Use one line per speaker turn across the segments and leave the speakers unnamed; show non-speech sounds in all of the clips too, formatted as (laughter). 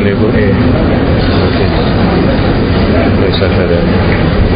available. Yeah. Okay. Yes, I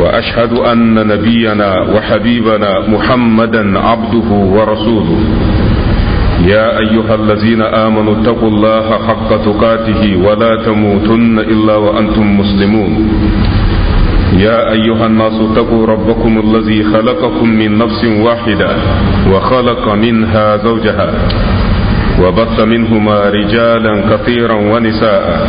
واشهد ان نبينا وحبيبنا محمدا عبده ورسوله يا ايها الذين امنوا اتقوا الله حق تقاته ولا تموتن الا وانتم مسلمون يا أيها الناس اتقوا ربكم الذي خلقكم من نفس واحدة وخلق منها زوجها وبث منهما رجالا كثيرا ونساء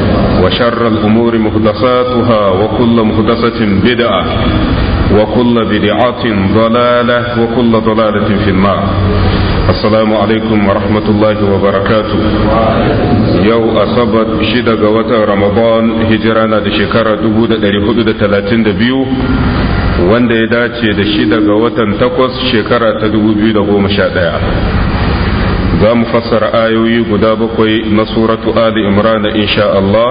وشر الأمور محدثاتها وكل محدثة بدعة وكل بدعة ضلالة وكل ضلالة في النار السلام عليكم ورحمة الله وبركاته يو أصبت شدة قوة رمضان هجرانا لشكرة دبودة لحدود 32 wanda ya dace da shida ga watan takwas shekara ta 2011 za mu fassara ayoyi guda bakwai na suratu ali imran insha Allah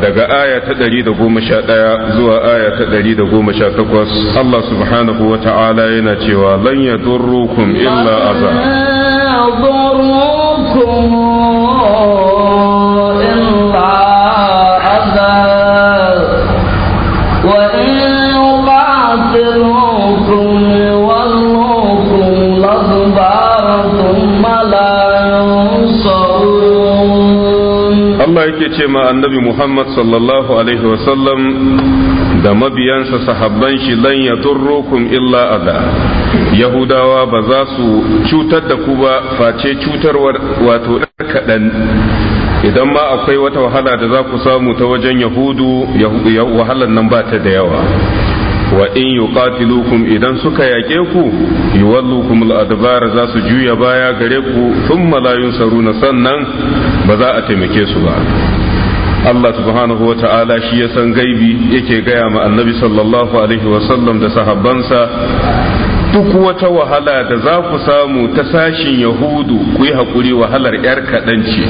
daga aya ta 111 zuwa aya ta 118 Allah subhanahu wa ta'ala yana cewa lan yadurrukum illa azab ma annabi Muhammad sallallahu alaihi wasallam da mabiyansa sahabban shi lan ya illa ada yahudawa ba za su cutar da ku ba face cutarwar wato kaɗan idan ma akwai wata wahala da za ku samu ta wajen yahudu wahalar nan ba ta da yawa wa in yuqatilukum idan suka yake ku yuwallukum al-adbar za su juya baya gare ku thumma la yunsaruna sannan ba za a taimake su ba Allah subhanahu wa ta'ala shi ya san gaibi yake gaya ma annabi sallallahu alaihi wasallam da sahabbansa duk wata wahala da za ku samu ta sashin yahudu ku yi haƙuri wahalar 'yar kaɗan ce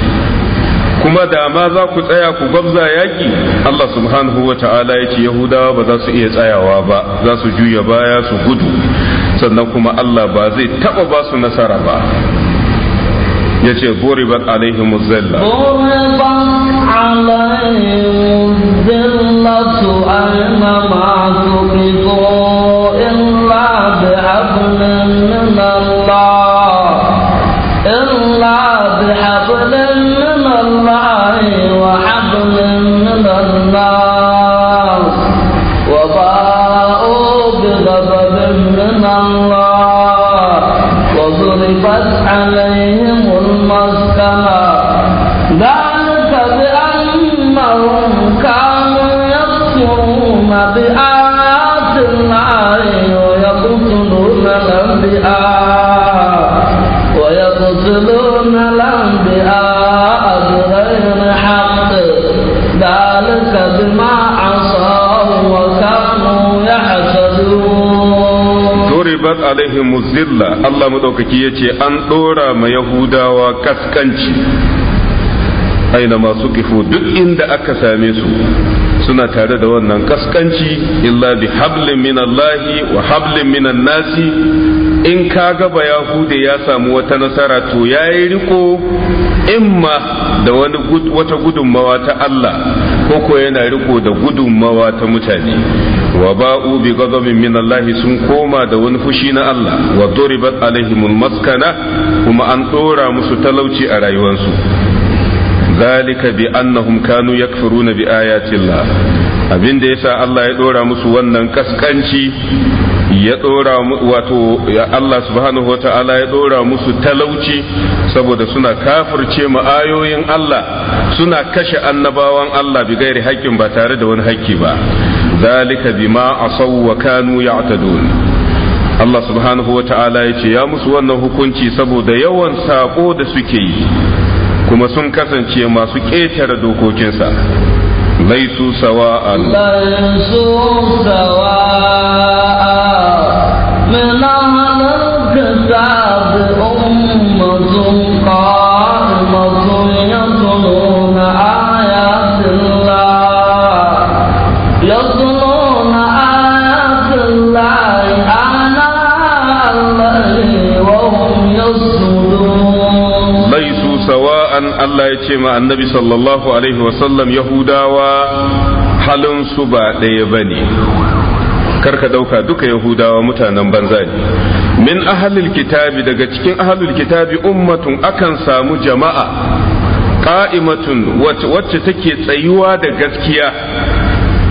kuma da ma za ku tsaya ku gwabza yaƙi Allah subhanahu wa ta'ala ya ce yahudawa ba za su iya tsayawa ba za su juya baya su gudu sannan kuma Allah ba zai taɓa ba su nasara ba yace buribat alaihim zilla
buribat alaihim zillatu aina ma tuqitu illa bi hablin min Allah illa bi hablin min Allah wa hablin min Allah wa ba'u bi ghadabin min Allah wa ضربت عليهم بآيات الله الأنبياء الأنبياء حق ذلك بما
وكانوا يحسدون عليهم الذلة الله مدوكي يتي أن دورا ما يهودا وكسكنش أينما سكفوا kifo دا inda suna tare da wannan kaskanci illa bi hablin min Allah wa hablin min nasi in ka ga yahude ya samu wata nasara to yayi riko imma da wata gudunmawa ta Allah ko ko yana riko da gudunmawa ta mutane wa ba'u bi ghadabin min Allah sun koma da wani fushi na Allah wa duribat alaihimul maskana kuma an dora musu talauci a rayuwarsu zalika bi كانوا kanu بآيات bi abin da yasa Allah ya dora musu wannan kaskanci ya dora wato Allah subhanahu wata'ala ya dora musu talauci saboda suna kafirce ma'ayoyin ayoyin Allah suna kashe annabawan Allah bi gairi haƙƙin ba tare da wani haƙƙi ba zalika bima asaw wa kanu ya'tadun Allah subhanahu wata'ala ya ce ya musu wannan hukunci saboda yawan sako da suke yi kuma sun kasance masu ƙetare dokokinsa laisu sawa
laisu sawa min ahlul kitab
annabi sallallahu alaihi wasallam yahudawa halinsu ba ɗaya ba ne karka ɗauka duka yahudawa mutanen banza ne min ahalil kitabi daga cikin ahalil kitabi ummatun akan samu jama'a ƙa'imatun wacce take tsayuwa da gaskiya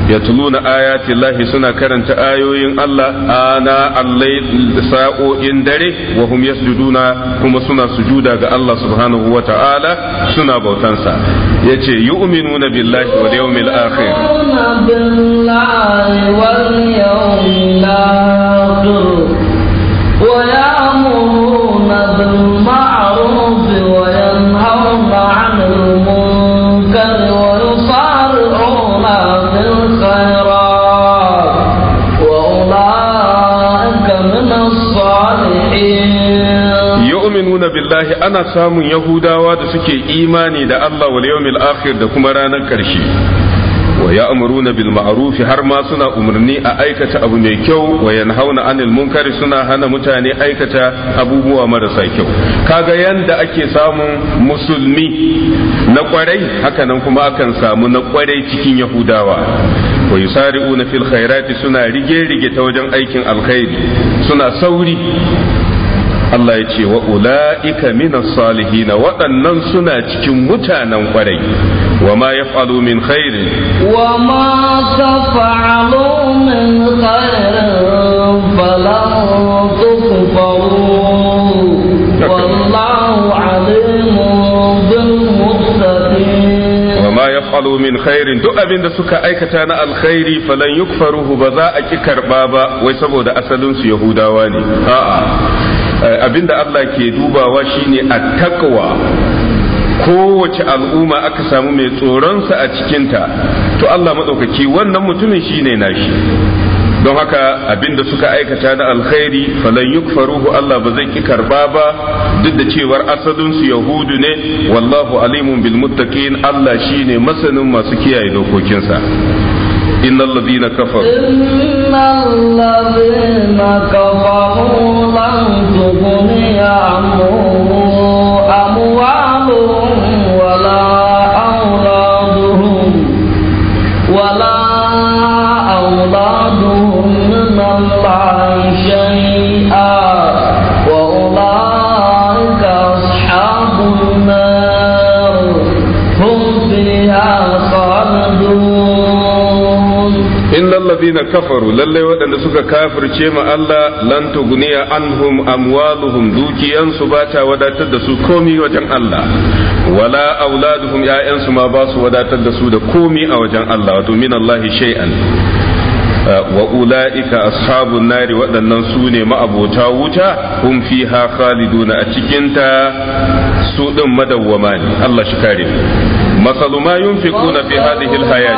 يتلون آيات الله سنة كرنت آيوين الله آنا الليل سَاءُ دري وهم يسجدون هم سنة سجودة الله سبحانه وتعالى سنة بوتنسا يتي يؤمنون بالله واليوم الآخر
يؤمنون بالله واليوم الآخر ويأمرون بالمعروف
lahi ana samun yahudawa da suke imani da Allah wal yawmil akhir da kuma ranar karshe wa ya'muruna bil ma'ruf har ma suna umarni a aikata abu mai kyau wa yanhauna anil munkari suna hana mutane aikata abubuwa marasa kyau kaga yanda ake samun musulmi na kwarai hakanan kuma akan samu na kwarai cikin yahudawa wa yusari'una fil khairati suna rige rige ta wajen aikin alkhairi suna sauri Allah ya ce wa ula'ika minas salihina waɗannan suna cikin mutanen kwarai wa ma ya falo min khairin wa ma
ta falo min khairin
falan tukfaru min khairin duk abin da suka aikata na alkhairi falan yukfaruhu ba za a ki karba ba wai saboda asalin su yahudawa ne a'a Eh, abinda Allah ke dubawa shine a takwa kowace al'umma aka samu mai tsoronsa a cikinta to Allah maɗaukaki wannan mutumin shine nashi don haka abinda suka aikata na alkhairi falan yukfaruhu Allah ba zai ki karba ba duk da cewar asalinsu yahudu ne wallahu alimun bil muttaqin Allah shine masanin masu kiyaye dokokinsa إن الذين كفروا إن الذين كفروا
لن تغني عنهم
allazina kafaru lallai waɗanda suka kafirce ma Allah lan tugniya anhum amwaluhum dukiyansu ba ta wadatar da su komi wajen Allah wala auladuhum ya'yansu ma ba su wadatar da su da komi a wajen Allah wato min Allah shay'an uh, wa ula'ika ashabun nari waɗannan su ne ma'abota wuta hum fiha khaliduna a cikinta su ɗin madawwama ne Allah shi kare مثل ما ينفقون في هذه الحياة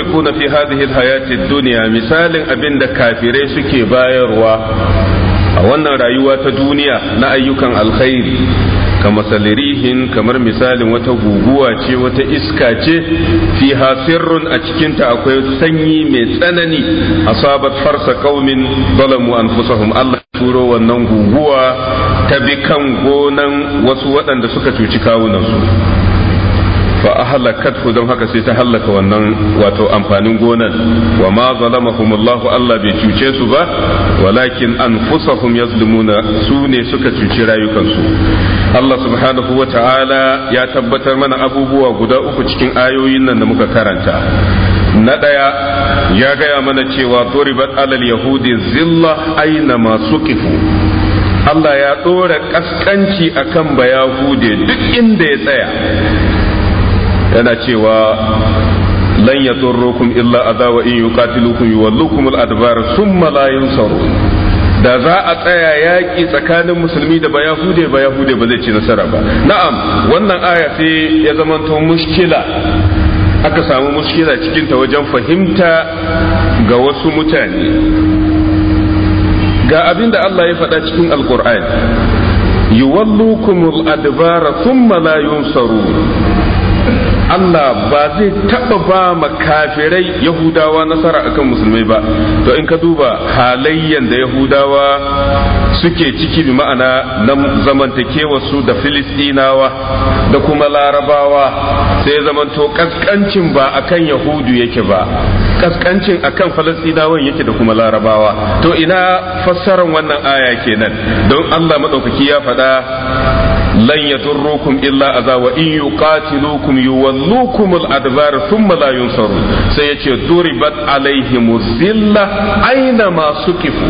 yunfikuna fi hadhihi alhayati ad-dunya misalin abinda kafirai suke bayarwa a wannan rayuwa ta duniya na ayyukan alkhairi kama salirihin kamar misalin wata guguwa ce wata iska ce fi hasirrun a cikinta akwai sanyi mai tsanani asabat farsa qaumin zalamu anfusahum Allah turo wannan guguwa ta bi kan gonan wasu waɗanda suka cuci kawunansu fa ahlakathu don haka sai ta halaka wannan wato amfanin gonan wa ma zalamahumullahu Allah bai cuce su ba walakin anfusahum yazlimuna su ne suka cuci rayukansu Allah subhanahu wa ta'ala ya tabbatar mana abubuwa guda uku cikin ayoyin nan da muka karanta na ɗaya ya gaya mana cewa turibat alal yahudi zilla aina masu kifu Allah ya ɗora ƙasƙanci akan kan bayahude duk inda ya tsaya yana cewa lan yadurrukum illa adha wa in yuqatilukum yuwallukum al-adbar thumma la yunsarun da za a tsaya yaƙi tsakanin musulmi da ba yahude ba ba zai ci nasara ba na'am wannan aya sai ya zamanto mushkila aka samu mushkila cikin ta wajen fahimta ga wasu mutane ga abin da Allah ya faɗa cikin alkur'ani yuwallukumul adbara thumma la yunsarun Allah ba zai taɓa ba makafirai Yahudawa nasara akan musulmai ba to in ka duba halayyan da Yahudawa suke ciki bi ma'ana na zamantakewarsu da Filistinawa da kuma Larabawa sai zamanto kaskancin ba akan Yahudu yake ba kaskancin akan Falastinawan yake da kuma Larabawa to ina fassarar wannan aya kenan don Allah maɗaukaki ya faɗa لن يضركم illa aza wa in يولوكم yuwallukum ثم لا thumma la yunsaru sai yace duribat alaihim zilla aina masu kifo.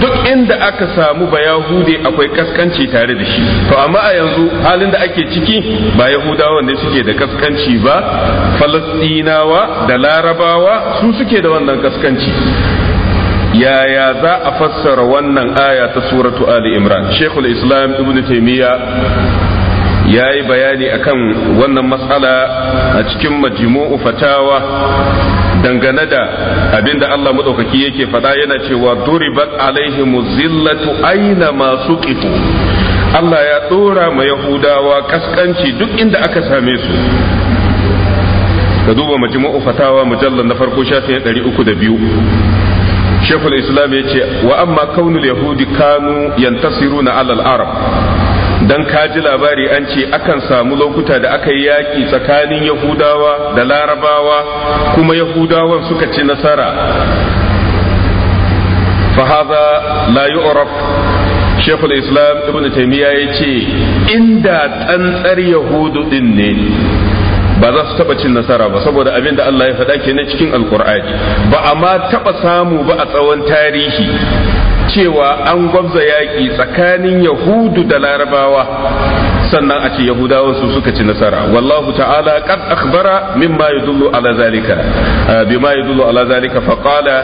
duk inda aka samu ba yahudi akwai kaskanci tare da shi to amma a yanzu halin da ake ciki ba yahudawa ne suke da kaskanci ba falastinawa da larabawa su suke da wannan kaskanci yaya za a fassara wannan aya ta suratu ali imran shekul islam ibn taimiyya ya yi bayani kan wannan matsala a cikin majimu'u fatawa dangane da abinda Allah maɗaukaki yake faɗa yana cewa duribat alaihimu zillatu aina masu ƙifu Allah ya ɗora ma Yahudawa kaskanci duk inda aka same su ka duba majimu'u fatawa mujallar na farko shafi 302 shekul islam ya ce wa amma kaunul yahudi kanu yantasiru na alal arab dan kaji labari an ce akan samu lokuta da aka yi yaƙi tsakanin yahudawa da larabawa kuma yahudawan suka ci nasara fahaza la yu'raf shekul islam ibn taimiyya ya ce inda tsantsar yahudu din ne ba za su taba cin nasara ba saboda abin da Allah ya faɗa na cikin alkur'ani ba a ma taɓa samu ba a tsawon tarihi cewa an gwabza yaƙi tsakanin yahudu da larabawa sannan a ce yahudawan su suka ci nasara wallahu ta'ala qad akhbara mimma yadullu ala zalika ah, bima yadullu ala zalika fa qala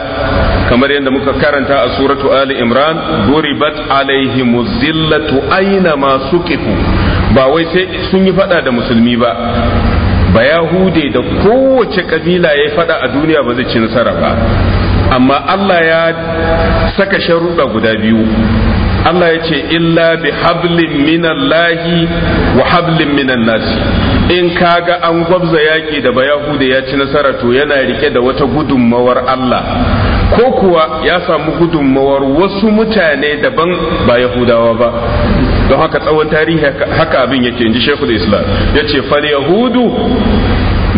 kamar yadda muka karanta a suratu ali imran duribat alaihim zillatu aina ma suqifu ba wai sai sun yi fada da musulmi ba ba yahude da kowace kabila ya fada a duniya ba zai ci nasara ba amma Allah ya saka sharuɗa guda biyu Allah ya ce illa bi hablin minallahi wa hablin minan nasi in kaga an gwabza yaƙi da bayahude ya ci nasara to yana rike da wata gudunmawar Allah ko kuwa ya samu gudunmawar wasu mutane daban ba yahudawa ba don haka tsawon tarihi haka abin yake inji shekul islam ya ce fal yahudu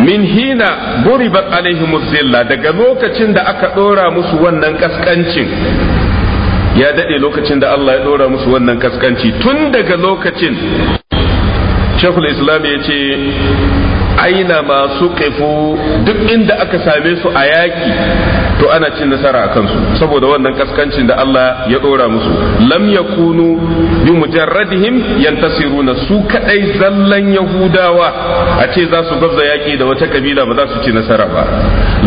min hina buribat alaihim zilla daga lokacin da aka dora musu wannan kaskancin ya dade lokacin da Allah ya dora musu wannan kaskanci tun daga lokacin shekul islam ya ce aina masu duk inda aka same su a yaki to ana cin nasara a kansu saboda wannan kaskancin da Allah ya dora musu lam yakunu bi mujarradihim yantasiruna su kadai zallan yahudawa a ce za su gabza yaki da wata kabila ba za su ci nasara ba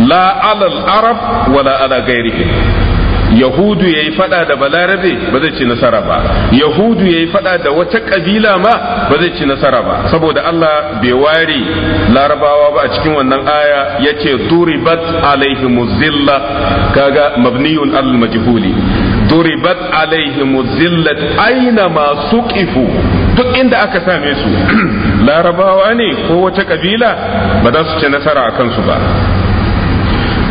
la alal arab wala ala ghairihim yahudu ya yi fada da balarabe ba zai ci nasara ba yahudu ya yi fada da wata kabila ma ba zai ci nasara ba saboda allah bai ware larabawa ba a cikin wannan aya ya ce duribat alaihimu zilla kaga mabniyun al majhuli duribat alaihi zillat aina ma suqifu duk inda aka same su (clears throat) larabawa ne ko wata kabila ba za su ci nasara a kansu ba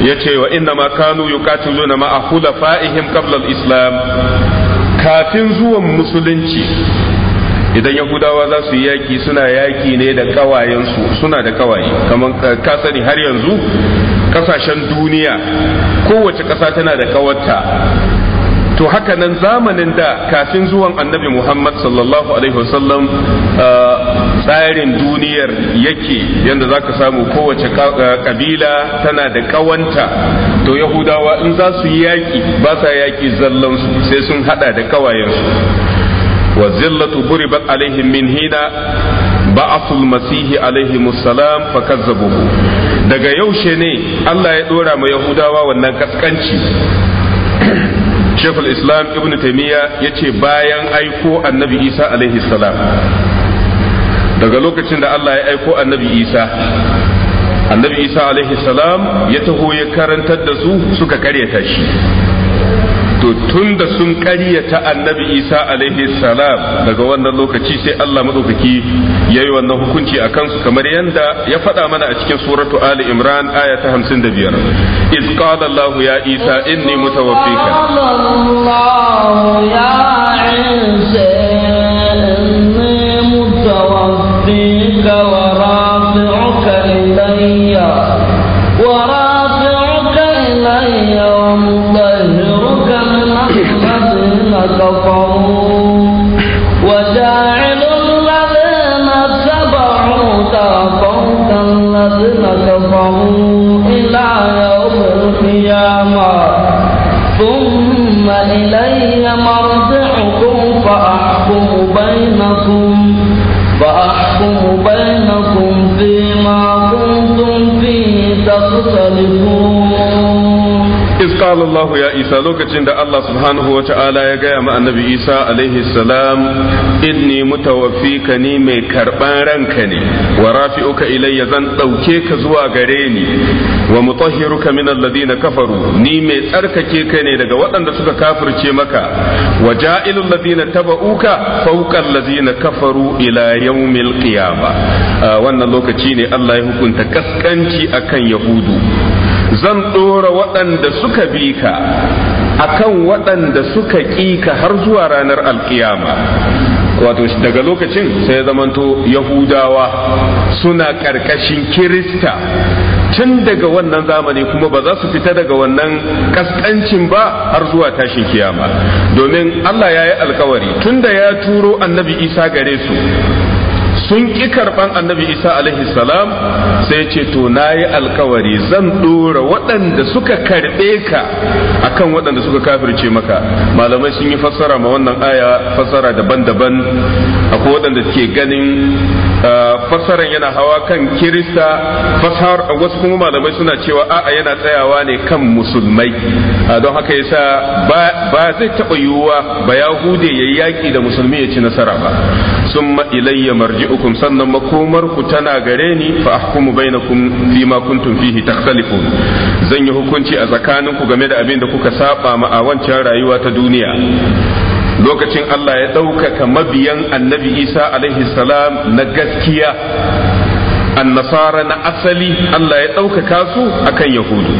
ya ce wa inna ma kanu yuqatiluna ma'a khulafa'ihim qabla al-islam kafin zuwan musulunci idan yahudawa za su yi yaki suna yaki ne da kawayensu suna da kawaye kamar ka sani har yanzu kasashen duniya kowace kasa tana da kawarta to haka nan zamanin da kafin zuwan annabi muhammad sallallahu alaihi wasallam uh, tsarin duniyar yake yadda za ka samu kowace uh, kabila tana da kawanta to yahudawa in za su yi yaƙi ba sa yaƙi zallansu sai sun hada da kawayensu wa zillatu buribat alaihim min hina ba'athul masihi alaihi daga yaushe ne Allah ya dora ma yahudawa wannan kaskanci shekul islam ibn taimiyya ya ce bayan aiko annabi isa alaihi salam daga lokacin da allah ya aiko annabi isa annabi isa alaihi salam ya taho ya karantar da su suka karyata shi to tun da sun ƙaryata annabi isa alaihi salam daga wannan lokaci sai allah maɗaukaki ya yi wannan hukunci a kansu kamar yadda ya faɗa mana a cikin suratu ali imran aya ta hamsin da biyar iz qala allah ya isa inni mutawaffika
ya isa وجاعل الذين اتبعوا الذين كفروا إلى يوم القيامة ثم إلي مرجعكم فأحكم بينكم
qala Allah ya Isa lokacin da Allah subhanahu wa ya gaya ma annabi Isa alaihi salam inni mutawaffika ni mai karban ranka ne wa rafi'uka ilayya zan ɗauke ka zuwa gare ni wa mutahhiruka min alladhina kafaru ni mai tsarkake ka ne daga waɗanda suka kafirce maka wa ja'ilul ladina uka fawqa alladhina kafaru ila yawmil qiyamah wannan lokaci ne Allah ya hukunta kaskanci akan yahudu zan ɗora waɗanda suka bi ka kan waɗanda suka ƙi ka har zuwa ranar alkiyama wato daga lokacin sai zamanto yahudawa suna ƙarƙashin kirista tun daga wannan zamani kuma ba za su fita daga wannan ƙasƙancin ba har zuwa tashin kiyama domin Allah ya yi alkawari tun da ya turo annabi isa gare su sun ƙi karɓan annabi isa alaihi salam sai ce to na yi alkawari zan ɗora waɗanda suka karɓe ka akan waɗanda suka kafirce maka malamai sun yi fassara ma wannan aya fassara daban-daban akwai waɗanda ke ganin Ah, fasaran yana hawa kan kirista a wasu kuma malamai suna cewa a'a yana tsayawa ne kan musulmai ah, don haka yasa ba zai taɓa yiwuwa ba yahude ya yaƙi da musulmi ya ci nasara ba ya ilayya ukun sannan makomar ku tana gare ni fa ahkumu bainakum fima kuntum fihi takhtalifun zan yi hukunci a tsakaninku game da abin da kuka saba ma a wancan rayuwa ta duniya lokacin Allah ya ɗaukaka mabiyan annabi Isa alaihi salam na gaskiya annasara na asali Allah ya ɗaukaka su akan yahudu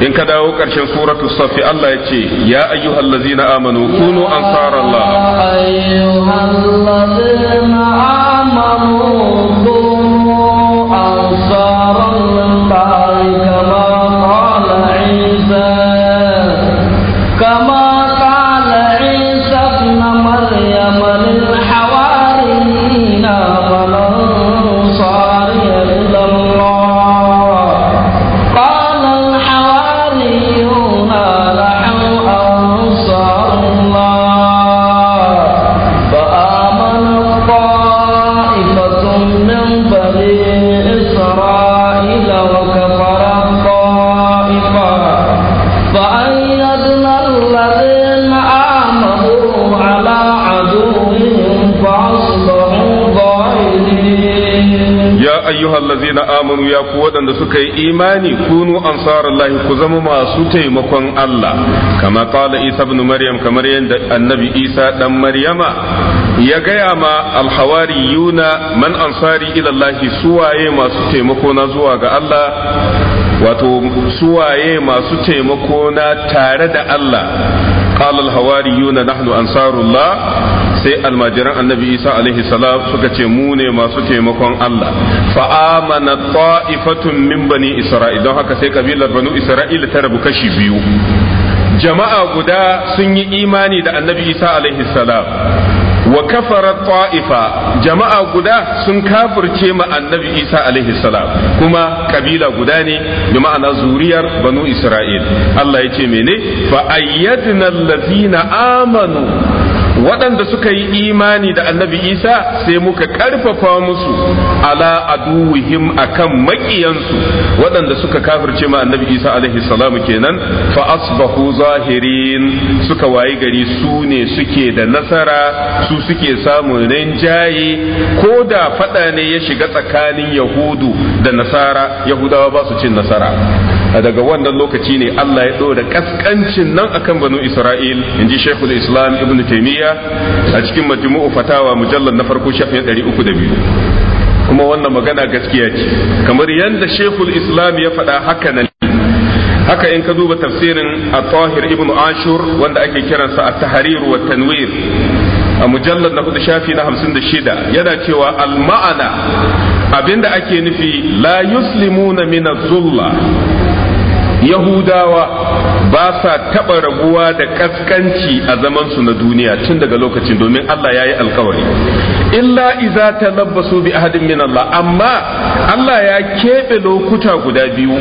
in ka dawo ƙarshen suratu safi Allah ya ce ya ayyuhal ladzina amanu kunu ansarallah ayyuhal
amanu kunu
amanu ya ku waɗanda suka yi imani kunu ansarallahi ku zama masu taimakon Allah kama qala Isa ibn Maryam kamar yadda annabi Isa ɗan Maryama ya gaya ma alhawariyuna man ansari ila suwaye masu taimako na zuwa ga Allah wato suwaye masu taimako na tare da Allah qala alhawariyuna nahnu ansarullah sai almajiran annabi isa alaihi salam suka ce mu ne masu taimakon Allah fa amana ta'ifatun min bani isra'il don haka sai kabilar banu Isra'il ta rabu kashi biyu jama'a guda sun yi imani da annabi isa alaihi salam wa kafara ta'ifa jama'a guda sun kafirce ma annabi isa alaihi salam kuma kabila guda ne bi ma'ana zuriyar banu isra'il Allah ya ce mene fa ayyadna allazina amanu waɗanda suka yi imani da annabi isa sai muka ƙarfafa musu ala aduwihim akan maƙiyansu waɗanda suka kafirce ma annabi isa alaihi salamu kenan fa asbahu zahirin suka wayi gari su ne suke da nasara su suke samun rinjaye ko da faɗa ne ya shiga tsakanin yahudu da nasara yahudawa ba su cin nasara daga wannan lokaci ne Allah ya ɗora ƙasƙancin nan akan banu Isra'il in ji Islam Ibn taimiyya a cikin majmu'u fatawa mujallar na farko shafin biyu. kuma wannan magana gaskiya ce kamar yadda Sheikhul Islam ya faɗa haka nan haka in ka duba tafsirin a tahir Ibn Ashur wanda ake kiransa a tahrir wa Tanwir a mujallar na hudu shafi na hamsin da shida yana cewa al-ma'ana abinda ake nufi la yuslimuna min zulla yahudawa ba sa taɓa rabuwa da kaskanci a zamansu na duniya tun daga lokacin domin Allah ya yi alkawari illa iza talabbasu bi ahadin min Allah amma Allah ya keɓe lokuta guda biyu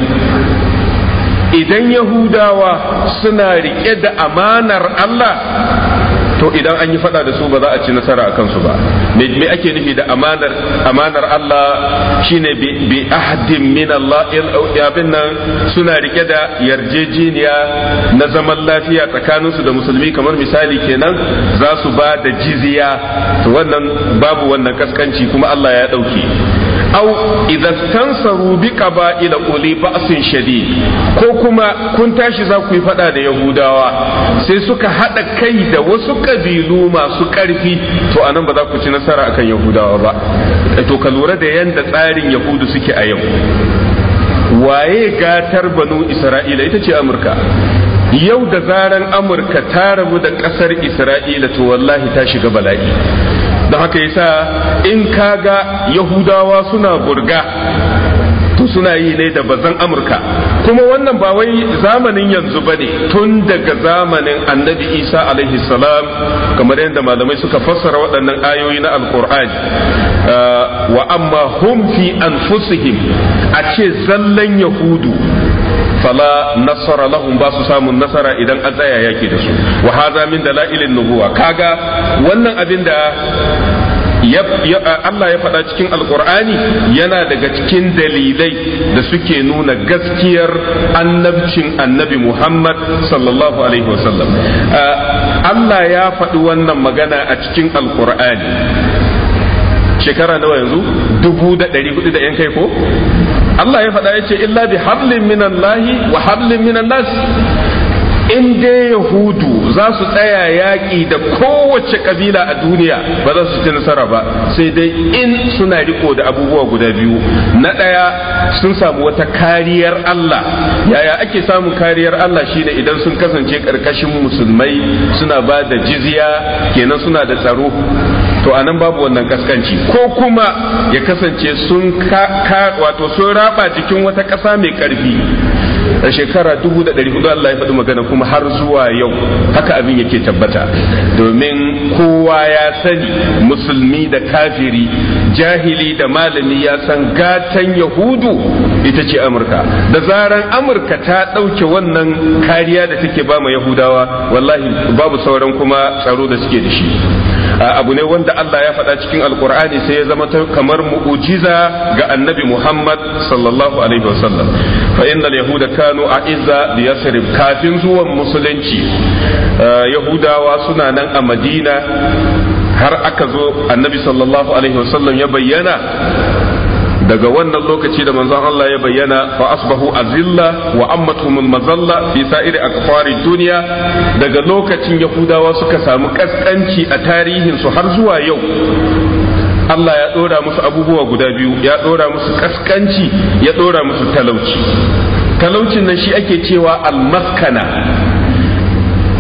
idan yahudawa suna riƙe da amanar Allah to idan an yi fada da su ba za a ci nasara a kansu ba me ake nufi da amanar amanar Allah shine bi ahdin min Allah abin nan suna rike da yarjejeniya na zaman lafiya tsakanin su da musulmi kamar misali kenan za su ba da jiziya to wannan babu wannan kaskanci kuma Allah ya dauke au idan tansaru bi qaba'ila uli ba'sin shadid ko kuma kun tashi za ku yi fada da yahudawa sai suka hada kai da wasu kabilu masu karfi to anan ba za ku ci nasara akan yahudawa ba eh, to ka lura da yanda tsarin yahudu suke a yau waye gatar banu isra'ila ita ce amurka yau da zaran amurka ta rabu da kasar isra'ila to wallahi ta shiga bala'i da haka yasa in kaga yahudawa suna burga to suna yi ne da bazan amurka kuma wannan ba wai zamanin yanzu ba ne tun daga zamanin annabi isa alaihi salam kamar yadda malamai suka fassara waɗannan ayoyi na alkur'ani uh, wa amma hum fi anfusihim a ce zallan yahudu fala nasara lahum ba su samun nasara idan an tsaya yaki da su wa hadha min dalailin nubuwa kaga wannan abin da Allah ya faɗa cikin alkur'ani yana daga cikin dalilai da suke nuna gaskiyar annabcin annabi Muhammad sallallahu alaihi wasallam Allah ya faɗi wannan magana a cikin alkur'ani shekara nawa yanzu dubu da ɗari hudu da yan kai ko Allah ya faɗa ya ce illa bi hablin minan lahi wa hablin minan nas in dai yahudu za su tsaya yaƙi da kowace ƙabila a duniya ba za su ci nasara ba sai dai in suna riko da abubuwa guda biyu na ɗaya sun samu wata kariyar Allah yaya ake samun kariyar Allah shine idan sun kasance ƙarƙashin musulmai suna ba da jiziya, kenan suna da tsaro to anan babu wannan kaskanci ko kuma ya kasance sun ka wato sun raba jikin wata ƙasa mai ƙarfi a shekara 1400 Allah ya faɗi magana kuma har zuwa yau haka abin yake tabbata domin kowa ya sani musulmi da kafiri jahili da malami ya san gatan yahudu ita ce amurka da zaran amurka ta ɗauke wannan kariya da take ba ma yahudawa wallahi babu sauran kuma tsaro da suke da shi abu ne wanda Allah ya faɗa cikin alkur'ani sai ya zama kamar mu'ujiza ga annabi Muhammad sallallahu alaihi wasallam fa innal yahuda kanu a'izza bi yasrib kafin zuwan musulunci uh, yahudawa suna nan a Madina har aka zo annabi sallallahu alaihi wasallam ya bayyana daga wannan lokaci da manzon Allah ya bayyana fa asbahu azilla wa ammatuhum mazalla fi sa'iri akfari duniya daga lokacin yahudawa suka samu kaskanci a tarihin su har zuwa yau Allah ya dora musu abubuwa guda biyu ya dora musu kaskanci ya dora musu talauci talaucin nan shi ake cewa almaskana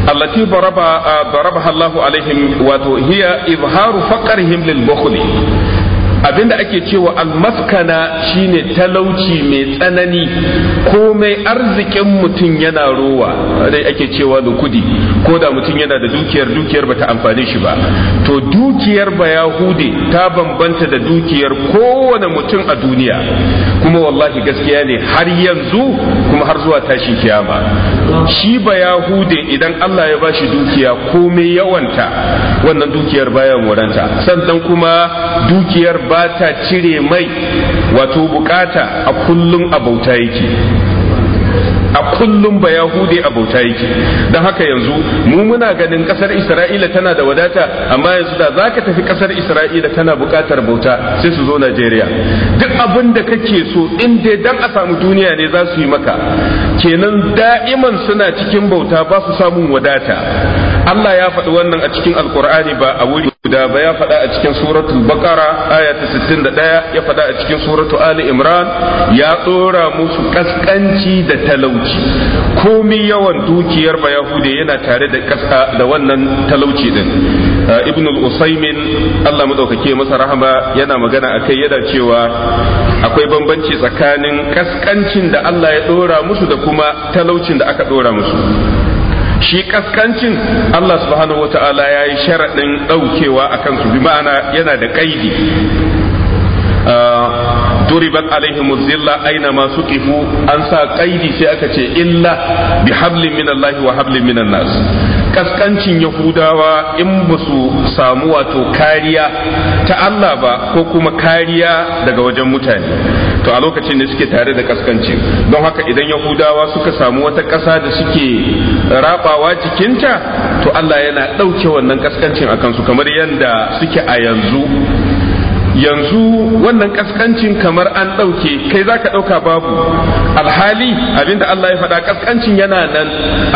التي ضرب ضربها الله عليهم وهي إظهار فقرهم للبخل abinda ake cewa almaskana shine talauci mai tsanani komai arzikin mutum yana rowa dai ake cewa da kudi ko da mutum yana da dukiyar dukiyar bata amfane shi ba to dukiyar hude ta bambanta da dukiyar kowane mutum a duniya kuma wallahi gaskiya ne har yanzu kuma har zuwa tashin kiyama shi hude idan Allah ya bashi dukiya komai yawanta wannan dukiyar bayan waranta sannan kuma dukiyar ba ta cire mai wato bukata a kullum abauta yake a kullum ba yahudi a bauta yake don haka yanzu mu muna ganin kasar isra'ila tana da wadata amma yanzu da za ka tafi kasar isra'ila tana bukatar bauta sai su zo najeriya duk abin da kake so in dai dan a samu duniya ne za su yi maka kenan da'iman suna cikin bauta ba su samun wadata Allah ya faɗi wannan a cikin alkur'ani ba a wuri guda ba ya faɗa a cikin suratul bakara aya ta ɗaya ya faɗa a cikin suratul ali imran ya tsora musu kaskanci da talau. talauci komi yawan dukiyar bayahude yana tare da kasa da wannan talauci din uh, ibn al-usaymin Allah madaukake masa rahama yana magana akai yana cewa akwai bambanci tsakanin kaskancin da Allah ya dora musu da kuma talaucin da aka dora musu shi kaskancin Allah subhanahu wata'ala ya yi sharaɗin ɗaukewa a kansu bi ma'ana yana da ƙaidi uh, duribat alaihim zilla aina ma suqifu an sa kaidi sai aka ce illa bi hablin min Allah wa hablin min nas kaskancin yahudawa in ba su samu wato kariya ta Allah ba ko kuma kariya daga wajen mutane to a lokacin da suke tare da kaskancin, don haka idan yahudawa suka samu wata ƙasa da suke rabawa cikinta, to Allah yana ɗauke wannan kaskancin a kansu kamar yadda suke a yanzu yanzu wannan kaskancin kamar an ɗauke kai za ka ɗauka babu alhali abinda Allah ya faɗa kaskancin yana nan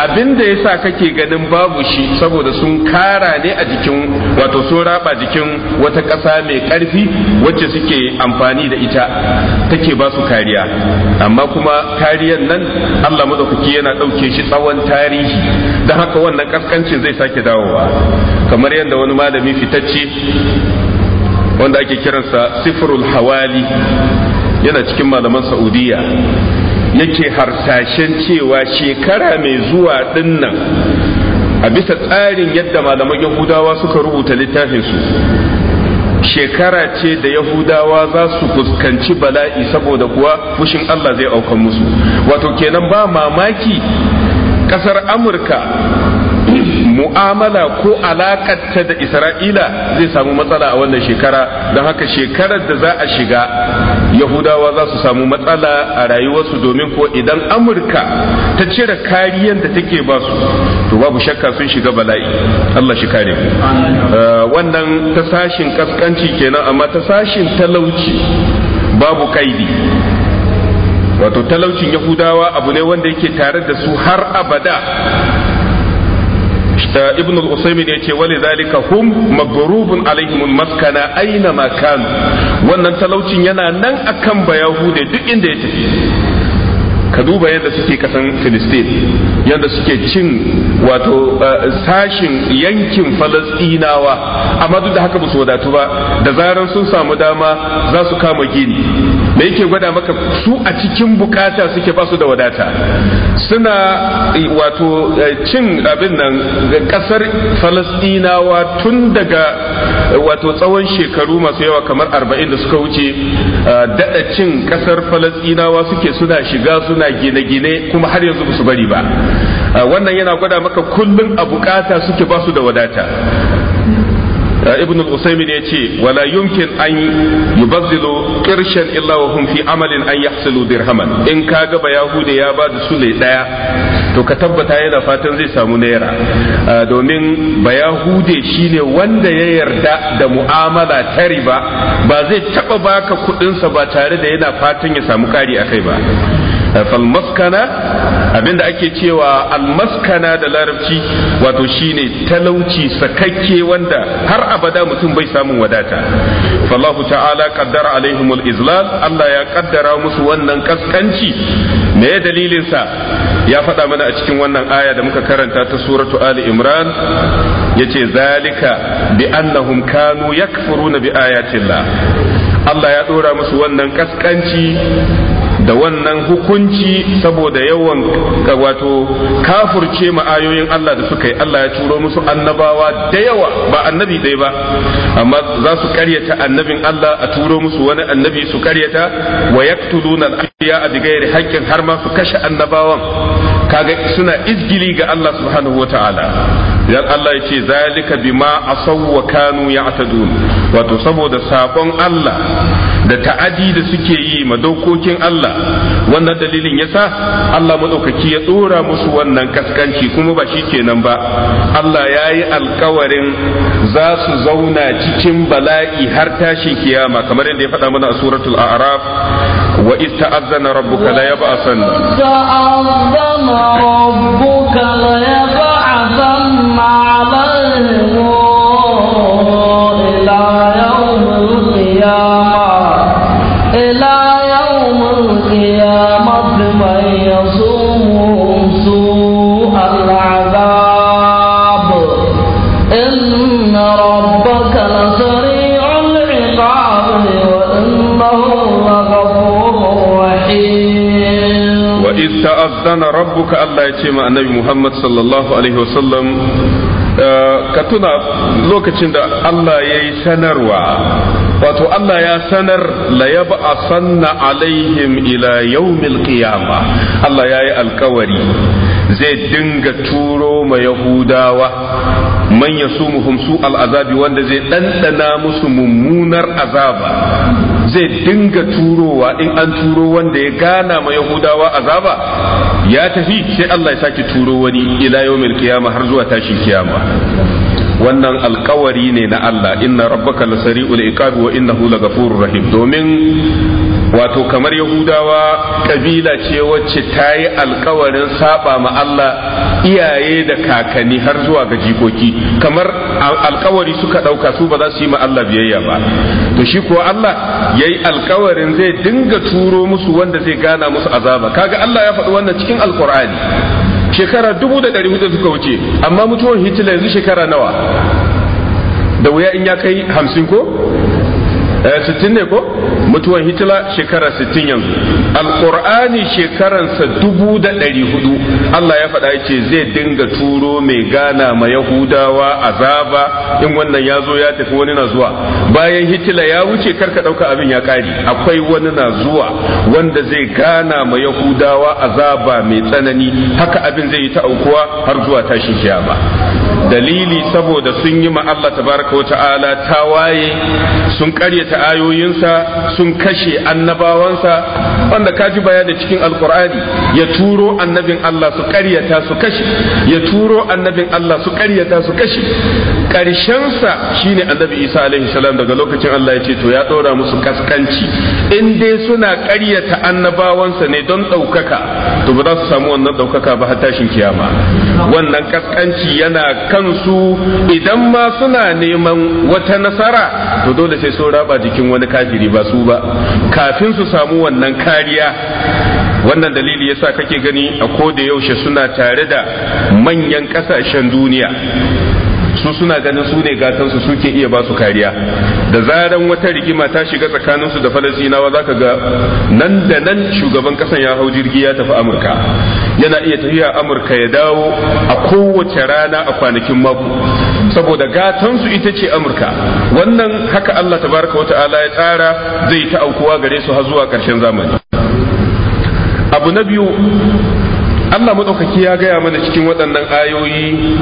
abinda ya sa kake ganin babu shi saboda sun kara ne a jikin wato sun raba jikin wata ƙasa mai ƙarfi wacce suke amfani da ita take ba su kariya amma kuma kariyan nan Allah madaukaki yana ɗauke shi tsawon tarihi don haka wannan kaskancin zai sake dawowa kamar yadda wani malami fitacce wanda ake kiransa sifrul hawali yana cikin malaman saudiya yake harsashen cewa shekara mai zuwa dinnan a bisa tsarin yadda malaman yahudawa suka rubuta littafinsu shekara ce da yahudawa za su fuskanci bala'i saboda kuwa fushin allah zai aukan musu wato kenan ba mamaki kasar amurka mu'amala ko alakarta da isra'ila zai samu matsala a wannan shekara don haka shekarar da za a shiga yahudawa za su samu matsala a rayuwarsu domin ko idan amurka ta cire kariyar da take ba su to babu shakka sun shiga bala'i allah shi kare mu uh, wannan ta sashin kaskanci kenan amma ta sashin talauci babu kaidi wato talaucin yahudawa abu ne wanda yake tare da su har abada ibn al-usaymin yace wali zalika hum magrubun alaihim maskana aina makan wannan talaucin yana nan akan bayahude duk inda ya tafi ka duba yadda suke kasan filistin yadda suke cin wato eh, sashin yankin falasɗinawa amma duk da haka ba su wadatu ba da zaran sun samu dama za su kama gini da yake gwada maka su a cikin bukata suke ba su da wadata suna eh, wato eh, cin abin nan kasar falasdinawa tun daga wato tsawon shekaru masu yawa kamar arba'in da suka wuce daɗa cin kasar falasdinawa suke suna shiga suna suna gine-gine kuma har yanzu su bari ba wannan yana gwada maka kullum a bukata suke basu da wadata ibn al-usaymin ya ce wala yumkin an yubazzilu qirshan illa wa hum fi amalin an yahsulu dirhaman in kaga ga ba yahude ya ba da sule daya to ka tabbata yana fatan zai samu naira domin ba yahude shine wanda ya yarda da mu'amala ta riba ba zai taba baka sa ba tare da yana fatan ya samu kari akai ba falmaskana abinda ake cewa almaskana da larabci wato shine talauci sakakke wanda har abada mutum bai samun wadata fallahu ta'ala qaddara alaihimul izlal Allah ya kaddara musu wannan kaskanci me dalilinsa ya faɗa mana a cikin wannan aya da muka karanta ta suratu ali imran yace zalika bi annahum kanu yakfuruna bi ayatillah Allah ya ɗora musu wannan kaskanci da wannan hukunci saboda yawan wato kafurce ma ayoyin Allah da suka yi Allah ya turo musu annabawa da yawa ba annabi dai ba amma za su karyata annabin Allah a turo musu wani annabi su karyata wa yaqtuluna al-anbiya bi ghairi haqqin har ma su kashe annabawan kaga suna izgili ga Allah subhanahu wataala dan Allah yace zalika bima asaw wa kanu ya'tadun wato saboda sabon Allah da ta'adi da suke yi ma dokokin Allah wannan dalilin yasa Allah madaukaki ya dora musu wannan kaskanci kuma ba shi kenan ba Allah ya yi alkawarin za su zauna cikin bala'i har tashin kiyama kamar yadda ya faɗa mana a suratul a'raf wa ista'azzana rabbuka la yab'asanna adana rabbuka Allah ya ce ma annabi Muhammad sallallahu alaihi wasallam ka tuna lokacin da Allah ya yi sanarwa wato Allah ya sanar la yaba sanna alaihim ila yawmil qiyama Allah ya yi alkawari zai dinga turo ma yahudawa man yasumuhum su al'azabi wanda zai ɗanɗana musu mummunar azaba zai dinga turowa in an turo wanda ya gana ma yahudawa azaba ya tafi sai Allah ya sake turo wani ila yawmil qiyama har zuwa tashin kiyama wannan alkawari ne na Allah inna rabbaka lasari'ul iqabi wa innahu lagafurur rahim domin wato kamar yahudawa kabila ce wacce ta yi alkawarin saba ma Allah iyaye da kakanni har zuwa ga jikoki kamar alkawari suka ɗauka su ba za su yi ma Allah biyayya ba to shi kuwa Allah ya yi alkawarin zai dinga turo musu wanda zai gana musu azaba kaga Allah ya faɗi wannan cikin alkur'ani shekara dubu da ɗari hudu suka wuce amma mutuwar hitler yanzu shekara nawa da wuya in ya kai hamsin ko 60 eh, ne ko mutuwan hitila shekara 60 yanzu alqur'ani shekaransa dubu da ɗari hudu Allah ya faɗa ce zai dinga turo mai gana ma yahudawa azaba in wannan ya zo ya tafi wani na zuwa bayan hitila ya wuce karka ɗauka abin ya ƙari akwai wani na zuwa wanda zai gana ma yahudawa azaba mai tsanani haka abin zai yi ta aukuwa har zuwa tashin kiyama dalili saboda sun yi ma Allah tabaraka wa ta'ala tawaye sun karyata ayoyinsa sun kashe annabawansa wanda kaji baya da cikin alkur'ani ya turo annabin Allah su karyata su kashe ya turo annabin Allah su karyata su kashe karshensa shine annabi Isa alaihi salam daga lokacin Allah ya ce to ya ɗora musu kaskanci in dai suna karyata annabawansa ne don ɗaukaka to ba za su samu wannan ɗaukaka ba har tashin kiyama wannan kaskanci yana kansu idan ma suna neman wata nasara to dole sai sun raba jikin wani kafiri ba su ba kafin su samu wannan kariya wannan dalili yasa kake gani a ko yaushe suna tare da manyan kasashen duniya su suna ganin su ne su suke iya ba su kariya da zaran wata rigima ta shiga tsakanin su da falasinawa za ka ga nan da nan shugaban kasan ya hau jirgi ya tafi amurka yana iya tafiya amurka ya dawo a kowace rana a kwanakin mako saboda su ita ce amurka wannan haka allah tabaraka wa ta'ala ya tsara zai ta aukuwa gare su har zuwa karshen zamani abu na biyu Allah maɗaukaki ya gaya mana cikin waɗannan ayoyi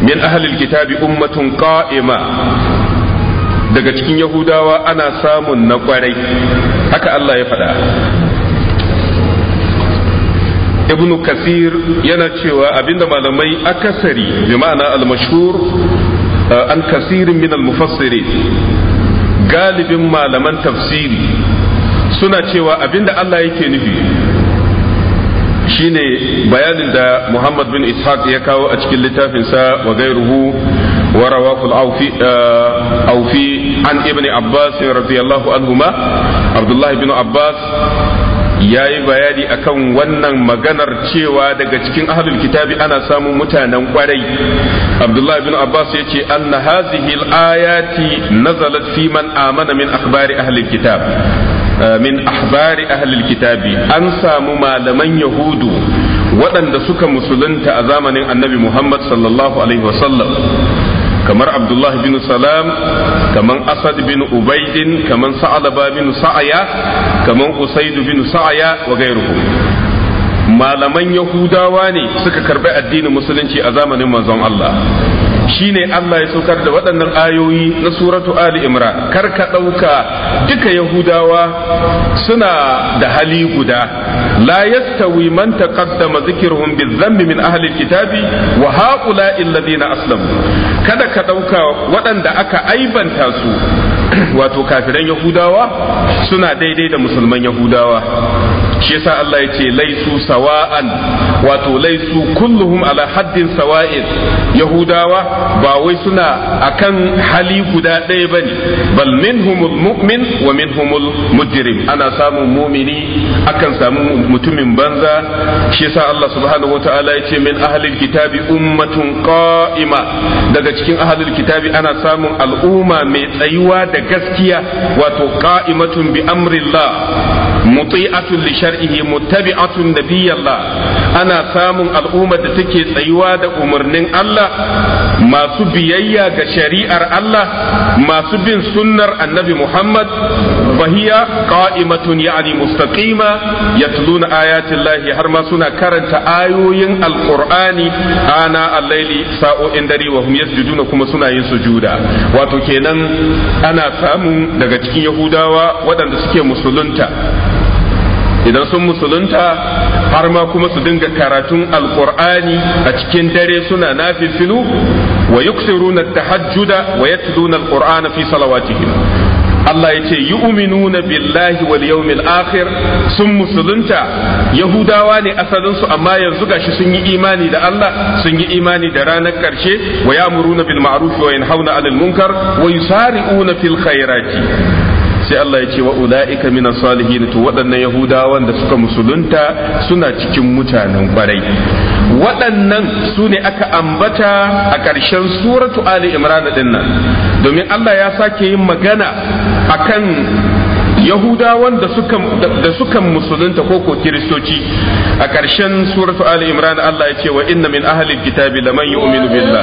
min ahlil kitabi ummatun qa'ima daga cikin yahudawa ana samun na kwarai haka Allah ya faɗa ibnu kasir yana cewa abinda malamai akasari bi ma'ana al-mashhur eh, an kasirin min al-mufassirin galibin malaman tafsiri suna cewa abinda Allah yake nufi shine bayanin da Muhammad bin Ishaq ya kawo a cikin littafinsa wa gairuhu wa rawahu aufi uh, an ibn Abbas radiyallahu anhuma Abdullah bin Abbas ya yi bayani akan wannan maganar cewa daga cikin ahlilkitabi kitabi ana samun mutanen kwarai abdullah bin abbas ya ce na hazihil ayati nazalat fi man amana min akhbari ahlul kitab min ahbari ahlil kitabi an samu malaman yahudu waɗanda suka musulunta a zamanin annabi muhammad sallallahu alaihi wasallam kamar abdullahi bin salam kamar asad bin ubaidin kamar sa'alaba bin sa'aya kamar usaidu bin sa'aya wa gairuhum malaman yahudawa ne suka karbi addinin musulunci a zamanin manzon Allah shine Allah ya saukar da waɗannan ayoyi na suratu Ali Imran kar ka ɗauka duka Yahudawa suna da hali guda la yastawi man taqaddama zikruhum bizammi min ahli kitabi wa haula alladhina aslamu kada ka ɗauka waɗanda aka aibanta su wato kafiran Yahudawa suna daidai da musulman Yahudawa shi yasa Allah yace laisu sawa'an wato laisu kulluhum ala haddin sawa'in yahudawa ba wai suna akan hali guda ɗaya bane bal minhumul mu'min wa minhumul mujrim ana samun mumini akan samu mutumin banza shi yasa Allah subhanahu wataala yace min ahlil kitabi ummatun qa'ima daga cikin ahlil kitabi ana samun al'umma mai tsayuwa da gaskiya wato qa'imatun bi amrillah muti'atun li shar'ihi muttabi'atun nabiyallah ana samun al'ummar da take tsayuwa da umarnin Allah masu biyayya ga shari'ar Allah masu bin sunnar annabi Muhammad fahiya qa'imatun ya'ni mustaqima yatluna ayatillahi har ma suna karanta ayoyin alqur'ani ana al-laili sa'o'in dare wa hum yasjuduna kuma suna yin sujuda wato kenan ana samu daga cikin yahudawa waɗanda suke musulunta idan sun musulunta har ma kuma su dinga karatun alkur'ani a cikin dare suna nafifilu wa yuksiruna tahajjuda wa yatluna alqur'ana fi salawatihim Allah ya ce yu'minuna billahi wal yawmil akhir sun musulunta yahudawa ne asalin su amma yanzu gashi sun yi imani da Allah sun yi imani da ranar karshe wa ya'muruna bil ma'ruf wa yanhauna 'anil munkar wa yusari'una fil khairati sai Allah ya ce wa ulaika min salihin to waɗannan yahudawan da suka musulunta suna cikin mutanen kwarai waɗannan su ne aka ambata a ƙarshen suratu ali imran din nan domin Allah ya sake yin magana akan yahudawan da suka da suka musulunta ko ko kiristoci a ƙarshen suratu ali imran Allah ya ce wa inna min ahli kitabi laman yu'minu billah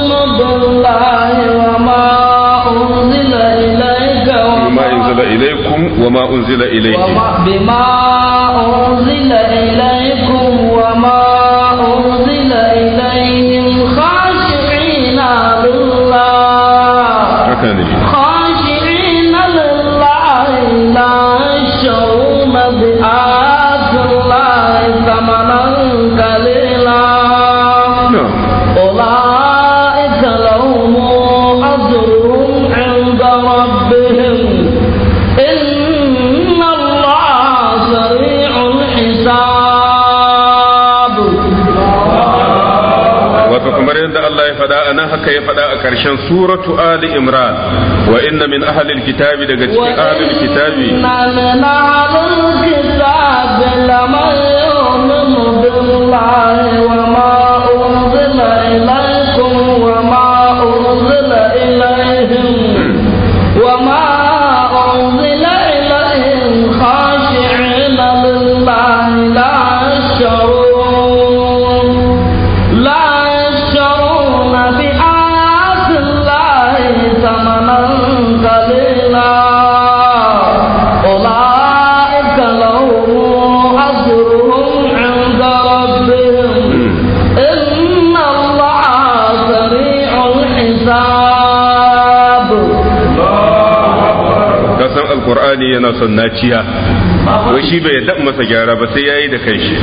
وما أنزل إليهم
بما أنزل إليكم وما أنزل إليهم خاشعين لله
faɗa a nan haka ya faɗa a ƙarshen suratu ali imran wa inna min ahlil kitabi daga cikin ahlil kitabi min
ahlil kitabi laman yu'minu billahi wa ma unzila ilaykum wa ma unzila ilaykum
yana son naciya wai shi bai yadda masa gyara ba sai yayi da kai shi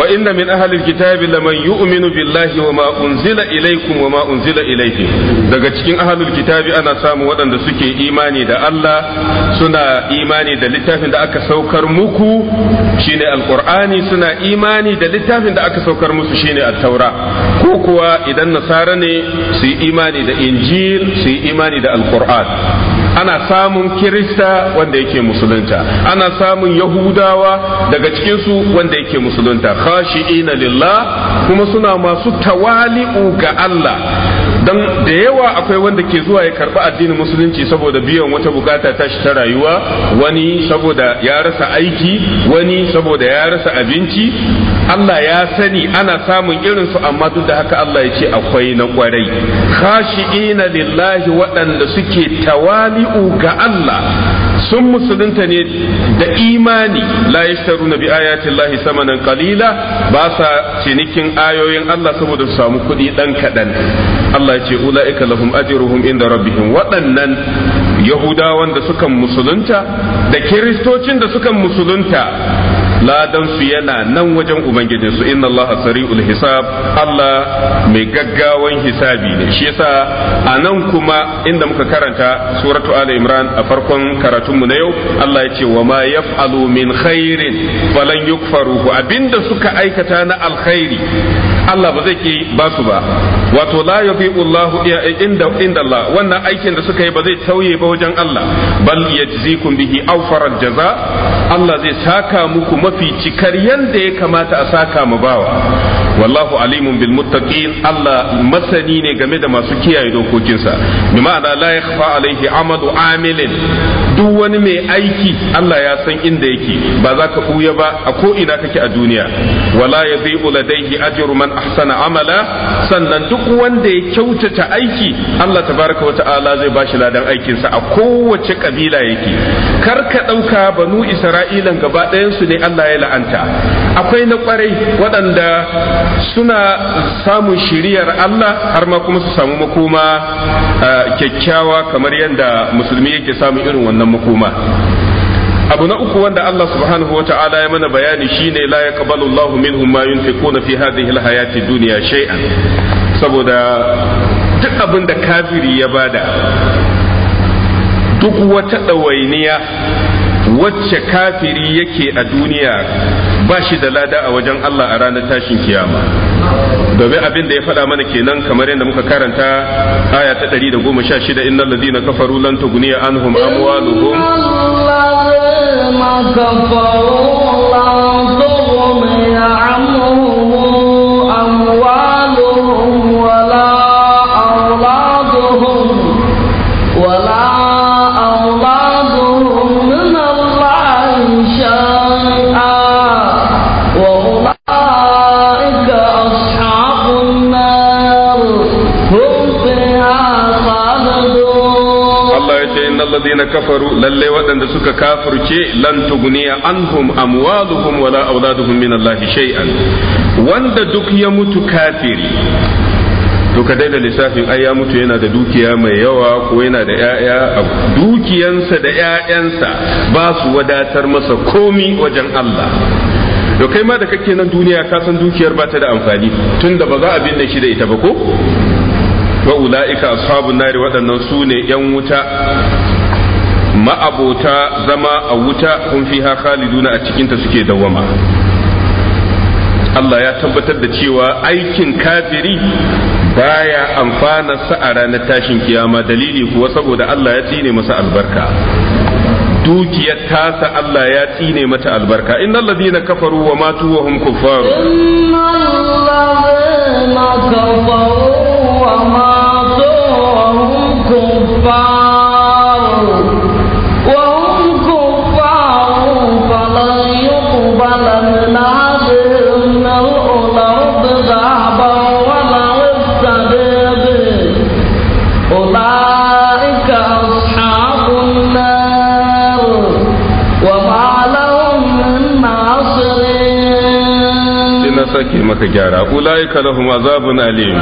wa inna min ahli kitabi laman yu'minu billahi wa ma unzila ilaykum wa ma unzila ilayhi daga cikin ahalin kitabi ana samu waɗanda suke imani da Allah suna imani da littafin da aka saukar muku shine alqur'ani suna imani da littafin da aka saukar musu shine at-taura ko kuwa idan nasara ne su yi imani da injil su yi imani da alqur'an ana samun kirista wanda yake musulunta ana samun yahudawa daga cikinsu wanda yake musulunta khashi'ina lillah kuma suna masu tawali'u ga Allah Dan da yawa akwai wanda ke zuwa ya karba addinin musulunci saboda biyan wata bukata ta shi ta rayuwa wani saboda ya rasa aiki wani saboda ya rasa abinci Allah ya sani ana samun irin su amma duk da haka Allah ya ce akwai na kwarai khashi'ina lillahi waɗanda suke tawali'u ga Allah sun musulunta ne da imani la yashtaruna bi ayati llahi samanan qalila ba sa cinikin ayoyin Allah saboda su samu kuɗi dan kaɗan Allah ya ce ulaika lahum ajruhum inda rabbihim waɗannan yahudawan da sukan musulunta da kiristocin da sukan musulunta ladan su yana nan wajen ubangijinsu inna allaha sari'ul hisab Allah mai gaggawan hisabi ne shi yasa a nan kuma inda muka karanta suratu ali imran a farkon karatunmu na yau Allah ya ce wa ma yaf'alu min khairin falan yukfaruhu abinda suka aikata na alkhairi Allah ba zai ki ba su ba wato la yafi'u Allah inda inda Allah wannan aikin da suka yi ba zai tauye ba wajen Allah bal yajzikum bihi farar jaza Allah zai saka muku mafi cikar yanda ya kamata a saka mu bawa wallahu alimun bil muttaqin Allah masani ne game da masu kiyaye dokokinsa bi ma'ana la alaihi amadu amilin duk wani mai aiki Allah ya san inda yake ba za ka buya ba a ko kake a duniya wala yadhi'u ladaihi ajru man ahsana amala sannan duk wanda ya kyautata aiki Allah tabaraka wa ta'ala zai bashi ladan aikinsa a kowace kabila yake kar ka banu isra'ilan gaba ne Allah ya la'anta akwai na kwarai waɗanda suna samun shiriyar Allah har ma kuma su samu makoma kyakkyawa kamar yadda musulmi yake samu irin wannan makoma abu na uku wanda Allah subhanahu wa ta'ala ya mana bayani shine la yaqbalu Allahu minhum ma yunfiquna fi hadhihi alhayati dunya shay'an saboda duk abin da kafiri ya bada duk wata ɗawainiya wacce kafiri yake a duniya ba shi da lada a wajen Allah a ranar tashin kiyama domin abin da ya faɗa mana kenan kamar yadda muka karanta aya ta 116 innal ladina kafaru lan tughniya anhum amwaluhum allazina kafaru lalle waɗanda suka kafirce lan tuguniya anhum amwaluhum wala auladuhum min Allah shay'an wanda duk ya mutu kafiri to ka daina lissafin ai ya mutu yana da dukiya mai yawa ko yana da ƴaƴa dukiyansa da 'ya'yansa ba su wadatar masa komi wajen Allah to kai ma da kake nan duniya ka san dukiyar ba ta da amfani tunda ba za a binne shi da ita ba ko wa ula'ika ashabun nari waɗannan su ne ‘yan wuta ma'abota zama a wuta kun fi ha khaliduna a cikinta suke dawwama Allah ya tabbatar da cewa aikin kafiri baya amfana a ranar tashin kiyama dalili kuwa saboda Allah ya tsine masa albarka dukiyar tasa Allah ya tsine mata albarka innal ladina kafaru wa matu wa hum kuffaru
kafaru wa matu wa hum
sake maka gyara ulaika lahum azabun alim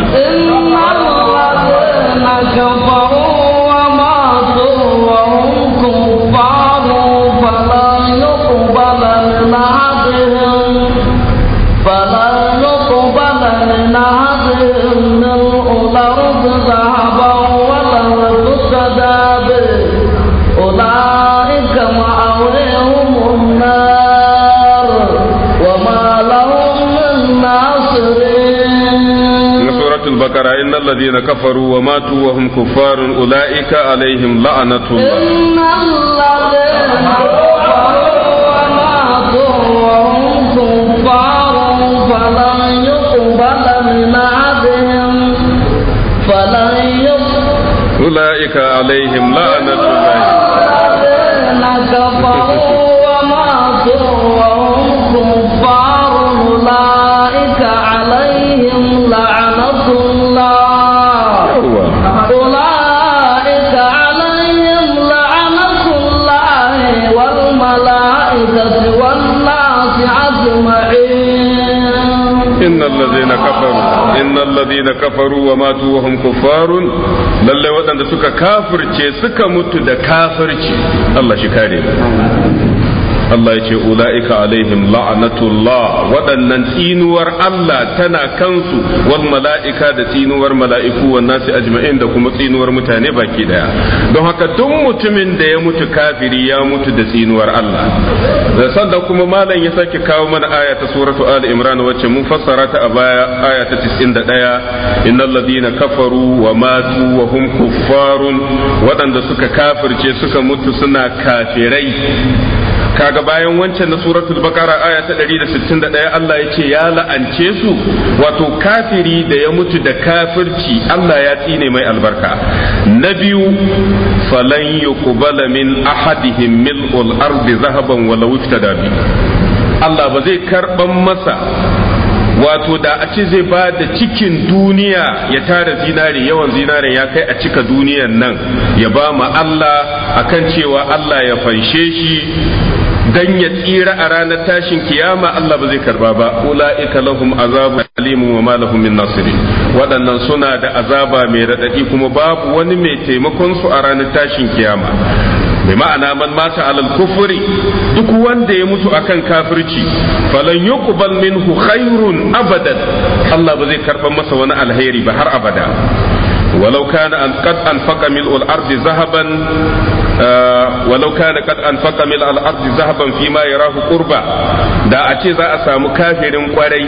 الذين كفروا وماتوا وهم كفار أولئك عليهم لعنة الله
إن الذين كفروا وماتوا وهم كفار فلن من فلن
أولئك عليهم لعنة الله
الذين كفروا الذين كفروا
إن الذين كفروا وماتوا وهم كفار لله ودن سكا كافر سكا مت كافر الله شكاري Allah ya ce ula'ika alaihim la'anatullah waɗannan tsinuwar Allah tana kansu wal mala'ika da tsinuwar mala'iku wan nasi ajma'in da kuma tsinuwar mutane baki ɗaya. don haka duk mutumin da ya mutu kafiri ya mutu da tsinuwar Allah da sanda kuma malam ya sake kawo mana aya ta suratu ali imran wacce mun fassara ta a baya aya ta 91 innal ladina kafaru wa matu wa hum kuffarun waɗanda suka kafirce suka mutu suna kafirai kaga bayan wancan na suratul bakara aya ta 161 Allah ya ce ya la'ance su wato kafiri da ya mutu da kafirci Allah ya tsine mai albarka na biyu falan yuqbala min ahadihim mil'ul ardi zahaban wala wiftada bi Allah ba zai karban masa wato da a ce zai ba da cikin duniya ya tara zinari yawan zinare ya kai a cika duniyan nan ya ba ma Allah akan cewa Allah ya fanshe shi dan ya tsira a ranar tashin kiyama Allah ba zai karba ba ula'ika lahum azabu alimu wa malahum min nasiri waɗannan suna da azaba mai raɗaɗi kuma babu wani mai taimakon su a ranar tashin kiyama bi ma'ana man mata alal kufuri duk wanda ya mutu akan kafirci falan yuqbal minhu khairun abadan Allah ba zai karba masa wani alheri ba har abada ولو كان أن قد أنفق ملء الأرض ذهبا آه ولو كان قد أنفق ملء الأرض ذهبا فيما يراه قربا دا أتي ذا أسام كافر قري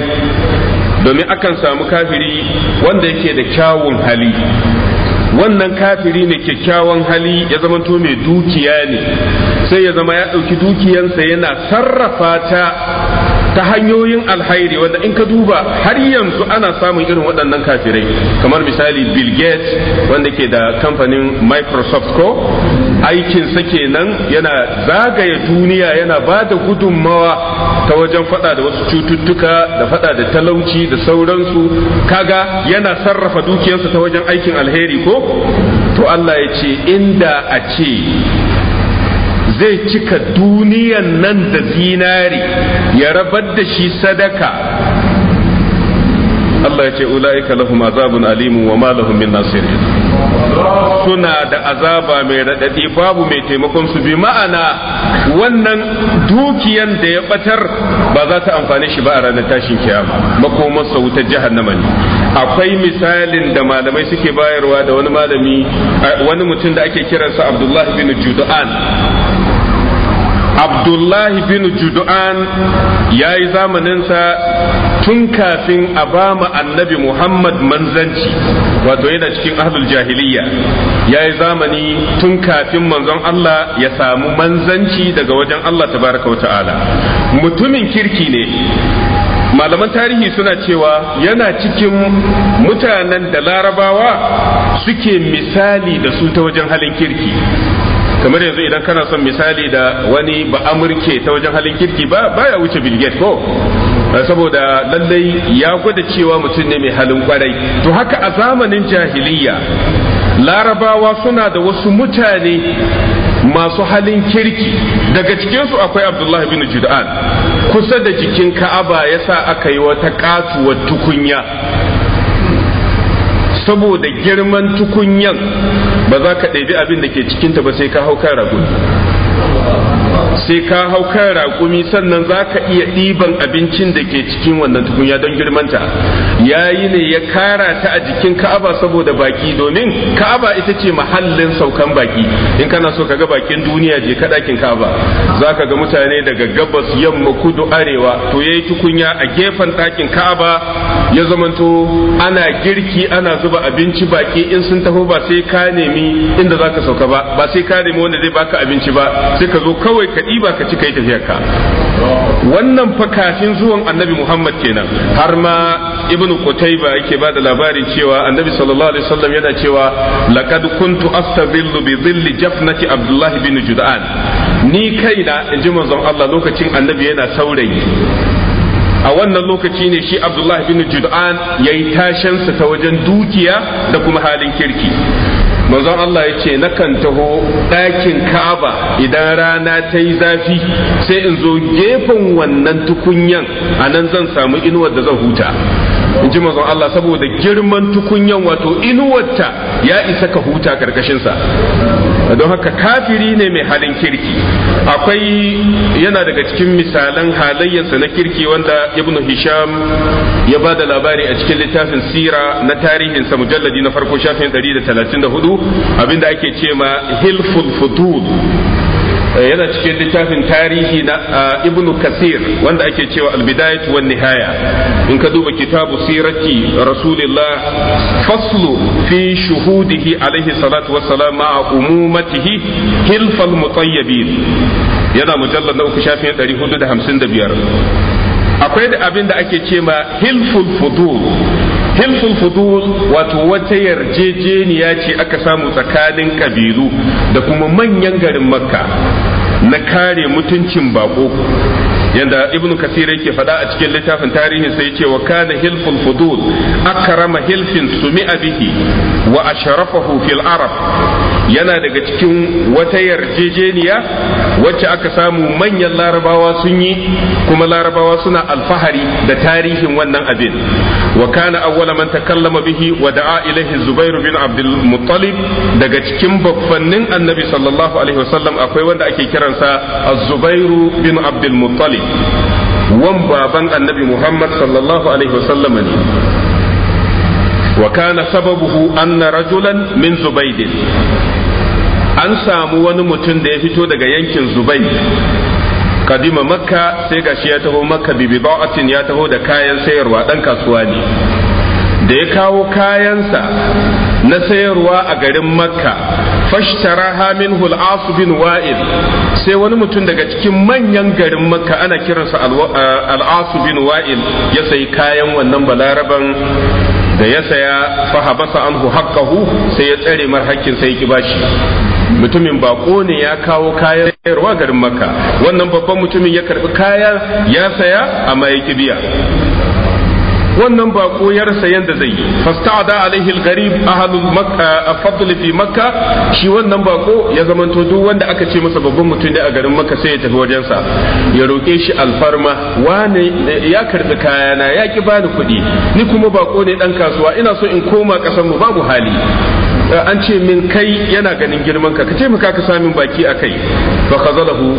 domin akan samu kafiri wanda yake da kyawun hali wannan kafiri ne kyakkyawan hali ya zama to mai dukiya ne sai ya zama ya ɗauki dukiyansa yana sarrafa ta ta hanyoyin alhairi wanda in ka duba har yanzu ana samun irin waɗannan kafirai kamar misali bill gates wanda ke da kamfanin microsoft ko aikinsa kenan yana zagaya duniya yana ba da gudunmawa ta wajen fada da wasu cututtuka da fada da talauci da sauransu kaga yana sarrafa dukiyarsa ta wajen aikin alheri ko to Allah ya ce inda a ce zai cika duniyan nan da zinari ya rabar da shi sadaka Allah ya ce ula'ika lahum azabun alimun wa ma lahum min nasirin suna da azaba mai raɗaɗi babu mai taimakon su bi ma'ana wannan dukiyan da ya batar ba za ta amfani shi ba a ranar tashin kiyama sa wutar jahannama ne akwai misalin da malamai suke bayarwa da wani malami wani mutum da ake kiransa abdullahi bin judu'an abdullahi bin judu'an ya yi zamaninsa tun kafin a ba mu annabi Muhammad manzanci wato yana cikin ahlul jahiliya ya yi zamani tun kafin manzon Allah ya samu manzanci daga wajen Allah tabaraka wa ta'ala mutumin kirki ne malaman tarihi suna cewa yana cikin mutanen da larabawa suke misali da su ta wajen halin kirki kamar yanzu idan kana son misali da wani ba amurke ta wajen halin kirki ba baya wuce bill gates ko eh, saboda lallai ya gwada cewa mutum ne mai halin kwarai to haka a zamanin jahiliya larabawa suna da wasu mutane masu halin kirki daga cikinsu akwai abdullah bin jud'an kusa da jikin ka'aba yasa aka yi wata katuwar tukunya saboda girman tukunyan ba za ka ɗabi abin da ke cikinta ba sai ka hau kan ragu sai ka hau kan raƙumi sannan za ka iya ɗiban abincin da ke cikin wannan tukunya don girmanta ya yi ne ya kara ta a jikin ka'aba saboda baki domin ka'aba ita ce mahallin saukan baki in kana so ka ga bakin duniya je ka ɗakin ka'aba za ka ga mutane daga gabas yamma kudu arewa to ya yi tukunya a gefen ɗakin ka'aba ya zamanto ana girki ana zuba abinci baki in sun taho ba sai ka nemi inda za ka sauka ba ba sai ka nemi wanda zai baka abinci ba sai ka zo kawai kawai ka ɗiba ka ci ka yi wannan fa kafin zuwan annabi muhammad kenan har ma ibn qutayba yake ba da labari cewa annabi sallallahu alaihi wasallam yana cewa laqad kuntu astazillu bi dhilli jafnati abdullah bin judan ni kaina na inji manzon Allah lokacin annabi yana saurayi a wannan lokaci ne shi abdullah bin judan yayi tashansa ta wajen dukiya da kuma halin kirki manzon Allah ya ce kan taho ɗakin Ka'aba idan rana ta yi zafi sai in zo gefen wannan tukunyan a nan zan samu inuwar da zan huta in ji manzon Allah saboda girman tukunyan wato inuwarta ya isa ka huta ƙarƙashinsa don haka kafiri ne mai halin kirki akwai yana daga cikin misalan halayyarsa na kirki wanda ibnu hisham ya ba da labari a cikin littafin sira na tarihinsa mujalladi na farko shafin 134 abinda ake ce ma hilful fudud Eh, yana cikin littafin tarihi na eh, ibnu kasir wanda ake cewa albidayat wan nihaya in ka duba kitabu sirati rasulillah faslu fi shuhudihi alaihi salatu wassalam ma'a umumatihi hilfal mutayyibin yana mujallad na uku shafin 455 akwai da abin da ake ce ma hilful fudul hilful fudul wato wata yarjejeniya ce aka samu tsakanin kabilu da kuma manyan garin makka na kare mutuncin bako yanda ibn kasir yake faɗa a cikin littafin tarihin sai ce wa kana hilful fudul akrama hilfin sumi'a bihi wa asharafahu fil arab yana daga cikin wata yarjejeniya wacce aka samu manyan larabawa sun yi kuma larabawa suna alfahari da tarihin wannan abin wa kana awwala man takallama bihi wa da'a ilaihi Zubairu bin abdul muttalib daga cikin baffannin annabi sallallahu alaihi wasallam akwai wanda ake kiransa az Zubairu bin abdul muttalib wan baban annabi muhammad sallallahu alaihi wasallam ne وكان سببه أن رجلا من زبيد an samu wani mutum da ya fito daga yankin zubai kadima makka sai shi ya taho makka bibi ba'atin ya taho da kayan sayarwa dan kasuwa ne da ya kawo kayansa na sayarwa a garin makka fashtara hamin hul'asu bin wa'il sai wani mutum daga cikin manyan garin makka ana kiransa eh, al'asu bin wa'il ya sayi kayan wannan balaraban da ya saya fahabasa anhu haqqahu sai ya tsare mar hakkin sai ya ki bashi mutumin bako ne ya kawo kayan sayarwa garin makka wannan babban mutumin ya karbi kaya ya saya amma ya biya wannan bako ya rasa yanda zai yi fasta'ada alaihi al-gharib ahlul makka fi makka shi wannan bako ya zamanto duk wanda aka ce masa babban mutum da a garin makka sai ya tafi wajen sa ya roke shi alfarma wani ya karbi kayana ya ki bani kuɗi ni kuma bako ne dan kasuwa ina so in koma kasan mu babu hali Eh, an ce min kai yana ganin girman ka ka taimaka ka samin baki a kai fa khazalahu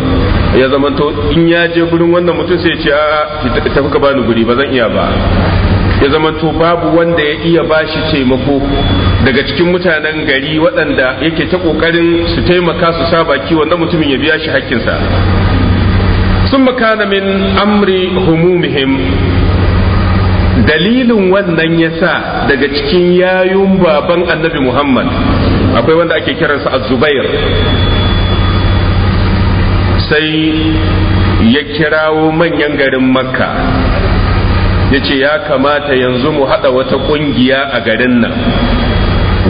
ya zamanto in ya je gurin wannan mutum sai ya ce a tafi ka bani guri ba zan iya ba ya zamanto babu wanda ya iya bashi taimako daga cikin mutanen gari waɗanda yake ta ƙoƙarin su taimaka su sa baki wannan mutumin ya biya shi hakkinsa sun makana min amri humumihim dalilin wannan yasa daga cikin yayun baban annabi muhammad akwai wanda ake kiransa az-zubair sai ya kirawo manyan garin makka ya ce ya kamata yanzu mu haɗa wata ƙungiya a garin nan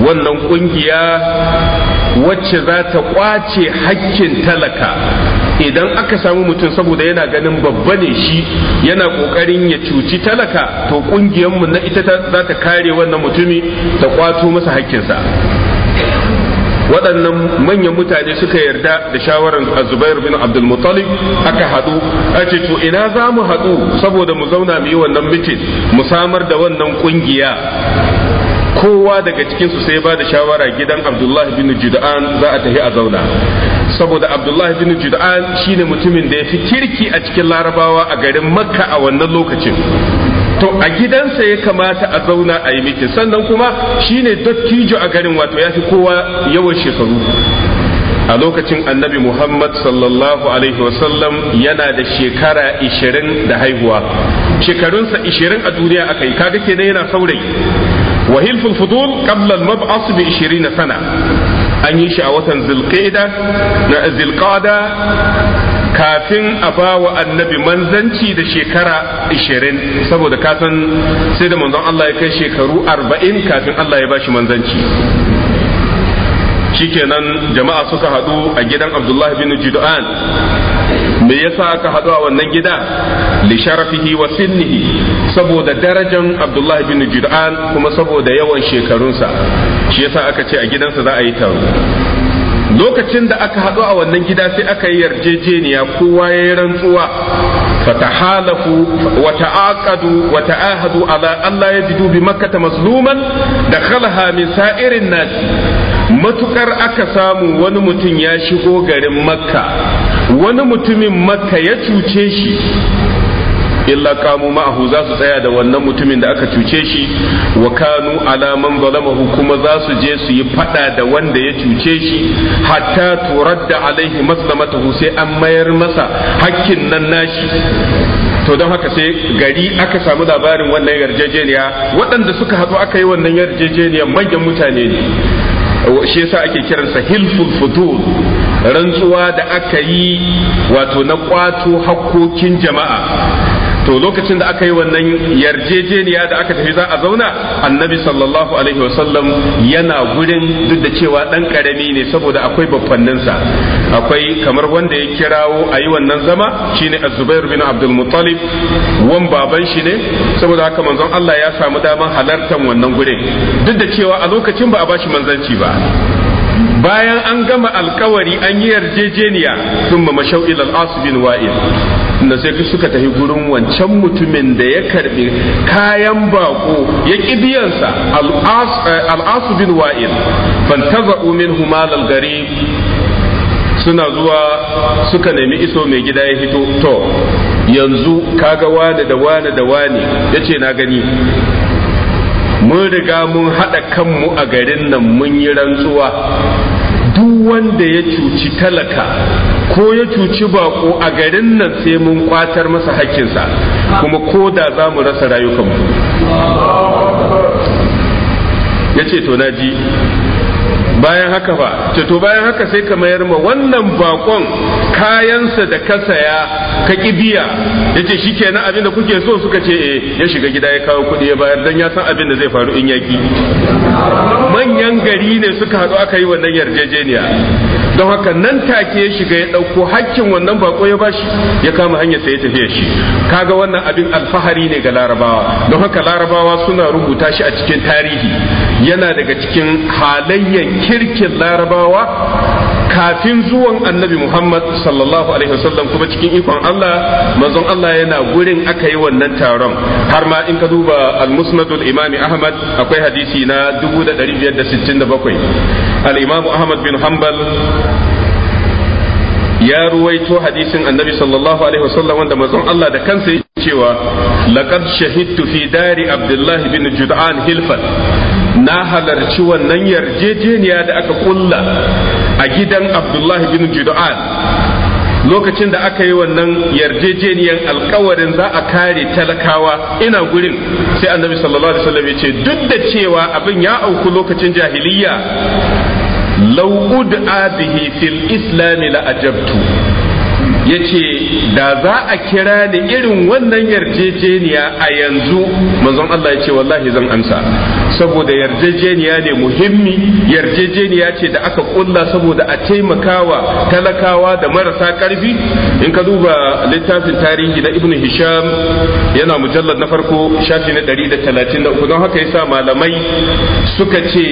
wannan ƙungiya wacce za ta ƙwace hakkin talaka idan aka samu mutum saboda yana ganin babba ne shi yana kokarin ya cuci talaka to mu na ita za ta kare wannan mutumi ta kwato masa hakkinsa waɗannan manyan mutane suka yarda da shawarar zubair bin abdulmuttalib aka haɗu a ce to ina za mu haɗu saboda mu zauna mu yi wannan mitin mu samar da wannan ƙungiya kowa daga cikinsu sai ba da shawara gidan abdullahi bin juda'an za a tafi a zauna saboda abdullahi bin juda'an shine mutumin da ya fi kirki a cikin larabawa a garin makka a wannan lokacin to a gidansa ya kamata a zauna a yi mikin sannan kuma shine dattijo a garin wato ya fi kowa yawan shekaru a lokacin annabi muhammad sallallahu alaihi wasallam yana da shekara ishirin da haihuwa shekarunsa ishirin a duniya aka yi kaga kenan yana saurayi wa hilful fudul qabla al-mab'as bi 20 sana an yi shi a watan zilqa'da na zilqada kafin a ba wa annabi manzanci da shekara 20 saboda kasan sai da manzon Allah ya kai shekaru 40 kafin Allah ya bashi manzanci shikenan jama'a suka hadu a gidan Abdullah bin Jud'an me yasa aka haɗu a wannan gida li sharafihi wa sinnihi saboda darajan abdullahi bin jur'an kuma saboda yawan shekarunsa shi yasa aka ce a gidansa za a yi taro lokacin da aka haɗu a wannan gida sai aka yi yarjejeniya kowa ya yi rantsuwa فتحالفوا وتعاقدوا وتعاهدوا على ألا makkata بمكة da دخلها min sa'irin الناس matukar aka samu wani mutum ya shigo garin makka wani mutumin makka ya cuce shi illa kamu ma'ahu za su tsaya da wannan mutumin da aka cuce shi wa kanu alaman zalamahu kuma za su je su yi fada da wanda ya cuce shi hatta turadda alaihi maslamatahu sai an mayar masa hakkin nan nashi to don haka sai gari aka samu labarin wannan yarjejeniya waɗanda suka haɗu aka yi wannan yarjejeniya manyan mutane ne shi yasa ake kiransa hilful fudul rantsuwa da aka yi wato na kwato hakkokin jama'a to lokacin da aka yi wannan yarjejeniya da aka tafi za a zauna annabi sallallahu alaihi wasallam yana gurin duk da cewa dan karami ne saboda akwai babbanninsa akwai kamar wanda ya kirawo a yi wannan zama shine azubair bin abdul muttalib wan baban shi ne saboda haka manzon Allah ya samu daman halartar wannan gurin duk da cewa a lokacin ba a bashi manzanci ba bayan an gama alkawari an yi yarjejeniya sun ma mashau ilal wa'il inda sai suka tafi gurin wancan mutumin da ya karbi kayan bako ya ƙi biyansa al'asubin eh, wa'il fantaza umin humalal gari suna zuwa suka nemi iso mai gida ya hito to yanzu kaga wane da wane da wane ya na gani mun riga mun haɗa kanmu a garin nan mun yi rantsuwa duk wanda ya cuci talaka ko ya cuci bako a garin nan sai mun kwatar masa hakkinsa kuma ko da za mu rasa rayukanmu ya ce to na ji bayan haka ba to bayan haka sai ka mayar ma wannan bakon kayansa da ka saya ka biya. ya ce shi kenan abin da kuke so suka ce eh ya shiga gida ya kawo kuɗi ya bayar don ya san abin da zai faru in yaki manyan gari ne suka haɗu aka yi wannan yarjejeniya don haka nan take ya shiga ya ɗauko hakkin wannan bako ya bashi ya kama hanyar sai ya tafiya shi kaga wannan abin alfahari ne ga larabawa don haka larabawa suna rubuta shi a cikin tarihi yana daga cikin halayyan kirkin larabawa kafin zuwan annabi Muhammad sallallahu alaihi wasallam kuma cikin ikon Allah manzon Allah yana gurin aka yi wannan taron har ma in ka duba al-musnad imami imam Ahmad akwai hadisi na 1567 al-imam Ahmad bin Hanbal ya ruwaito hadisin annabi sallallahu alaihi wasallam wanda mazan Allah da kansa ya cewa laqad shahidtu fi dari Abdullah bin Jud'an Hilfan na halarci wannan yarjejeniya da aka kulla a gidan abdullahi bin judu'an lokacin da aka yi wannan yarjejeniyar alkawarin za a kare talakawa ina gurin sai annabi sallallahu alaihi wasallam ya ce duk da cewa abin ya auku lokacin jahiliya lau ud'a bihi fil islam la ajabtu Yace da za a kira ni irin wannan yarjejeniya a yanzu manzon Allah ya ce wallahi zan amsa saboda yarjejeniya ne muhimmi yarjejeniya ce da aka kulla saboda a taimakawa talakawa da marasa karfi in ka duba littafin tarihi na Ibn hisham yana mujallar na farko shafi na 133 don haka yasa malamai suka ce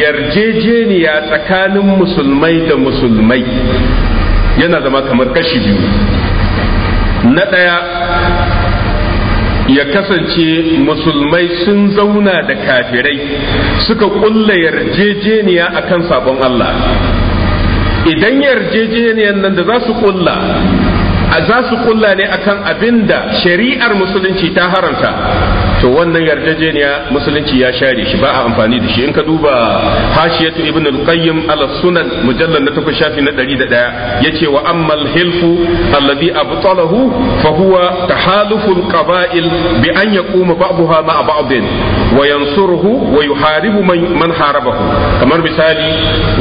yarjejeniya tsakanin musulmai da musulmai yana zama kamar kashi biyu na ɗaya ya kasance musulmai sun zauna da kafirai suka ƙulla yarjejeniya akan sabon Allah idan yarjejeniyan nan da za su ƙulla za su ƙulla ne akan abin da shari'ar musulunci ta haramta to wannan yarjejeniya musulunci ya share shi ba a amfani da shi in ka duba hashiyatu ibn al-qayyim ala sunan mujallal na takwas shafi na 101 yace wa ammal hilfu alladhi abtalahu fa huwa tahaluful qaba'il bi an yaquma ba'daha ma'a ba'din wa yansuruhu wa yuharibu man harabahu kamar misali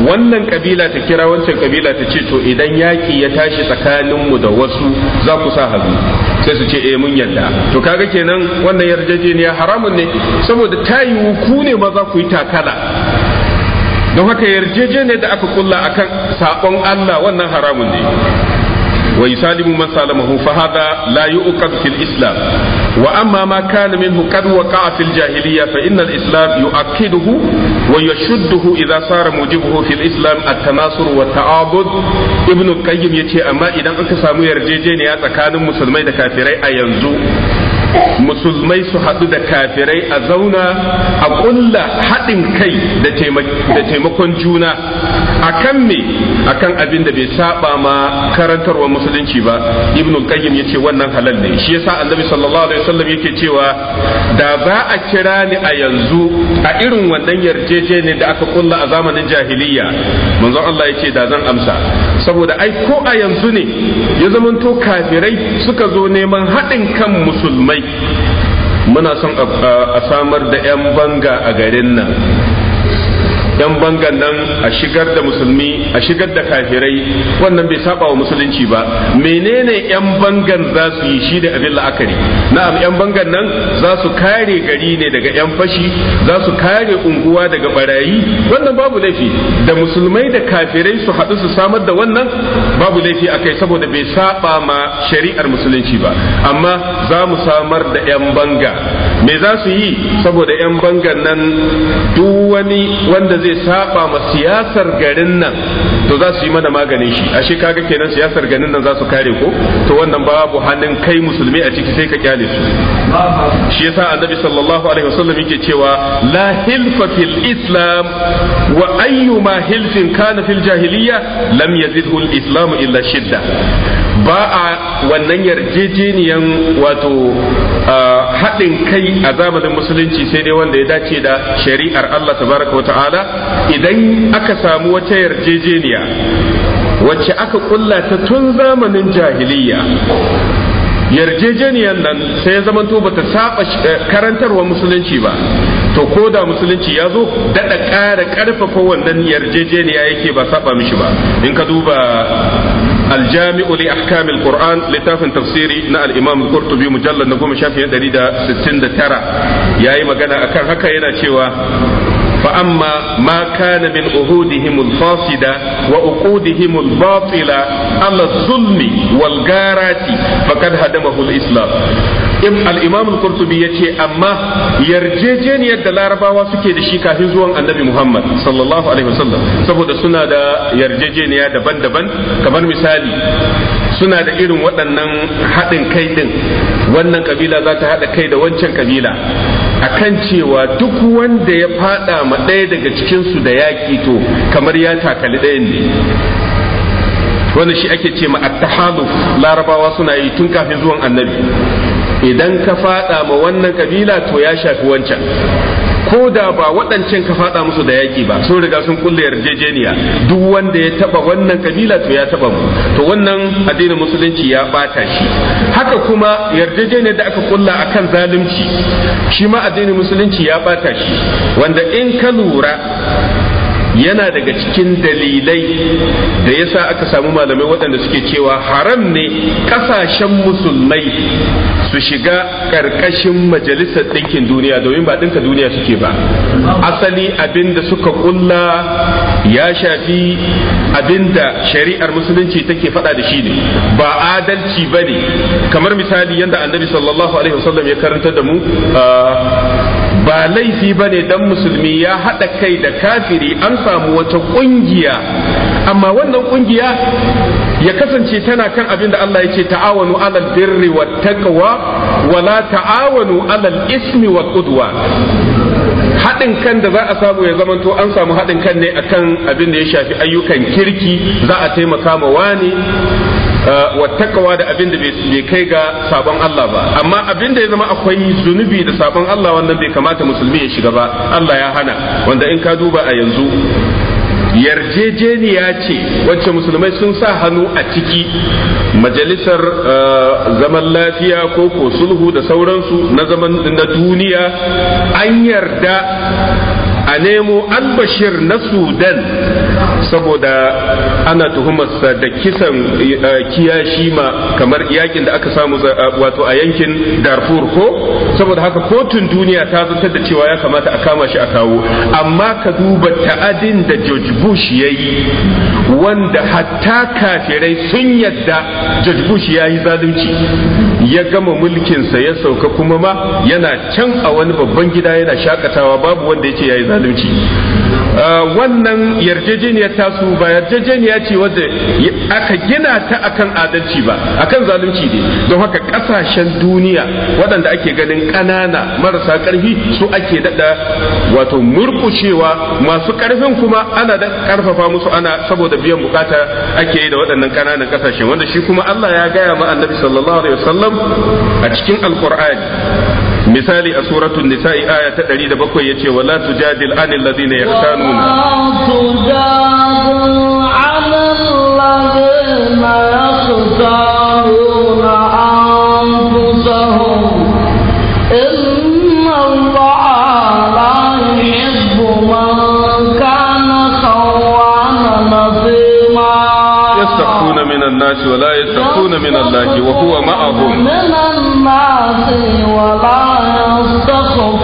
wannan kabila ta kira wancan kabila ta ce to idan yaki ya tashi tsakaninmu da wasu za ku sa hannu sai su ce eh mun yarda to kaga kenan wannan yarjejeniya haramun ne saboda ta yiwu ku ne maza ku yi takala don haka yarjejeniyar da aka kulla akan sabon Allah wannan haramun ne wa yusalimu man salamahu fa hada la fil islam wa amma ma kana minhu qad waqa'a fil jahiliyya fa inna al islam yu'akkiduhu wa yashudduhu idza sara mujibuhu fil islam at tanasur wa ta'abud ibn qayyim yace amma idan aka samu yarjejeniya tsakanin musulmai da kafirai a yanzu musulmai su haɗu da kafirai a zauna a ƙulla haɗin kai da taimakon juna a kan me a kan abin da bai saba ma karantarwa musulunci ba ibn qayyim yace wannan halal ne shi yasa annabi sallallahu alaihi wasallam yake cewa da za a kira ni a yanzu a irin wannan ne da aka ƙulla a zamanin jahiliya manzon Allah yace da zan amsa saboda ai ko a yanzu ne ya zamanto kafirai suka zo neman haɗin kan musulmai muna son a samar da 'yan banga a garin nan yan bangan nan a shigar da musulmi a shigar da kafirai wannan bai saba wa musulunci ba menene yan bangan za su yi shi da abin la'akari na'am yan bangan nan za su kare gari ne daga yan fashi za su kare unguwa daga barayi wannan babu laifi da musulmai da kafirai su haɗu su samar da wannan babu laifi a kai saboda bai saba ma shari'ar musulunci ba amma za mu samar da yan banga me za su yi saboda 'yan bangan nan duk wani wanda zai saba ma siyasar garin nan to za su yi mana maganin shi ashe kaga kenan siyasar garin nan za su kare ko to wannan babu hannun kai musulmi a ciki sai ka kyale su shi yasa annabi sallallahu alaihi wasallam yake cewa la hilfa fil islam wa ayyuma hilfin kana fil jahiliyya lam yazidhu al islam illa shidda ba a wannan yarjejeniyan wato haɗin kai a zamanin musulunci sai dai wanda ya dace da shari'ar Allah tabaraka wa ta'ala idan aka samu wata yarjejeniya wacce aka kulla ta tun zamanin jahiliya Yarjejeniyan nan sai ya zamanto bata saba eh, karantarwa musulunci ba to ko da musulunci ya zo daɗa ƙara ƙarfafa wannan yarjejeniya yake ba saba mishi ba in ka duba aljami'u li ahkamil qur'an littafin tafsiri na al-imam al-qurtubi mujallad da goma shafi 169 yayi magana akan haka yana cewa فأما ما كان من أهودهم الفاسدة وأقودهم الباطلة على الظلم والغارات فقد هدمه الإسلام al-imam al ya ce amma yarjejeniyar da larabawa suke da shi kafin zuwan annabi muhammad sallallahu alaihi wasallam saboda suna da yarjejeniya daban-daban kamar misali suna da irin waɗannan haɗin kai din wannan kabila za ta haɗa kai da wancan kabila akan cewa duk wanda ya faɗa ma ɗaya daga cikinsu da yaƙi to kamar ya takali ɗayan ne wannan shi ake ce ma at larabawa suna yi tun kafin zuwan annabi idan ka fada ma wannan kabila to ya shafi wancan ko da ba waɗancan ka fada musu da yaƙi ba sun riga sun kulle yarjejeniya duk wanda ya taba wannan kabila to ya taba mu to wannan addinin musulunci ya bata shi haka kuma yarjejeniyar da aka kulla akan zalunci shi ma addinin musulunci ya bata shi wanda in ka lura yana daga cikin dalilai da ya sa aka samu malamai waɗanda suke cewa haram ne ƙasashen musulmai su shiga ƙarƙashin majalisar ɗinkin duniya domin ba ɗinka duniya suke ba asali abin da suka ƙulla ya shafi abin da shari'ar musulunci take faɗa da shi ne ba adalci ba ne kamar misali yadda annabi sallallahu alaihi wasallam ya karanta da mu ah, ba laifi ba ne dan musulmi ya haɗa kai da kafiri an samu wata ƙungiya amma wannan ƙungiya ya kasance tana kan abin da Allah ya ce ta'awanu alal birri wa taqwa wala ta'awanu alal ismi wa qudwa haɗin kan da za a samu ya zamanto an samu haɗin kan ne akan abin da ya shafi ayyukan kirki za a taimaka ma wani Eh, wa da abin da bai kai ga sabon Allah ba amma abin da ya zama akwai zunubi da sabon Allah wannan bai kamata musulmi ya shiga ba Allah ya hana wanda in ka duba a yanzu yarjejeniya ce wacce musulmai sun sa hannu a ciki majalisar eh, zaman lafiya ko ko sulhu da sauransu na zaman na duniya an yarda a nemo albashir na sudan saboda ana tuhumarsa da kisan eh, kiyashi ma kamar yakin da aka samu eh, wato a yankin darfur ko saboda haka kotun duniya ta zartar da cewa ya kamata a kama shi a kawo amma ka duba ta'adin da george bush ya yi wanda hatta kafirai sun yadda george bush ya yi zalunci ya gama mulkinsa ya sauka kuma ma yana can a wani babban gida yana shakatawa babu wanda ya ce ya yi zalunci zalunci ah, wannan yarjejeniya tasu ba yarjejeniya ce wadda aka gina ta akan adalci ba akan zalunci ne don haka kasashen duniya waɗanda ake ganin ƙanana marasa ƙarfi su ake daɗa wato murƙushewa masu ƙarfin kuma ana da ƙarfafa musu ana saboda biyan bukata ake yi da waɗannan ƙananan ƙasashen wanda shi kuma Allah ya gaya ma annabi sallallahu alaihi wasallam a cikin alƙur'ani misali a suratul nisa'i aya ta 107 yace wala tujadil an alladhina yahtanuna ولا anil من الله وهو معهم من
la ولا also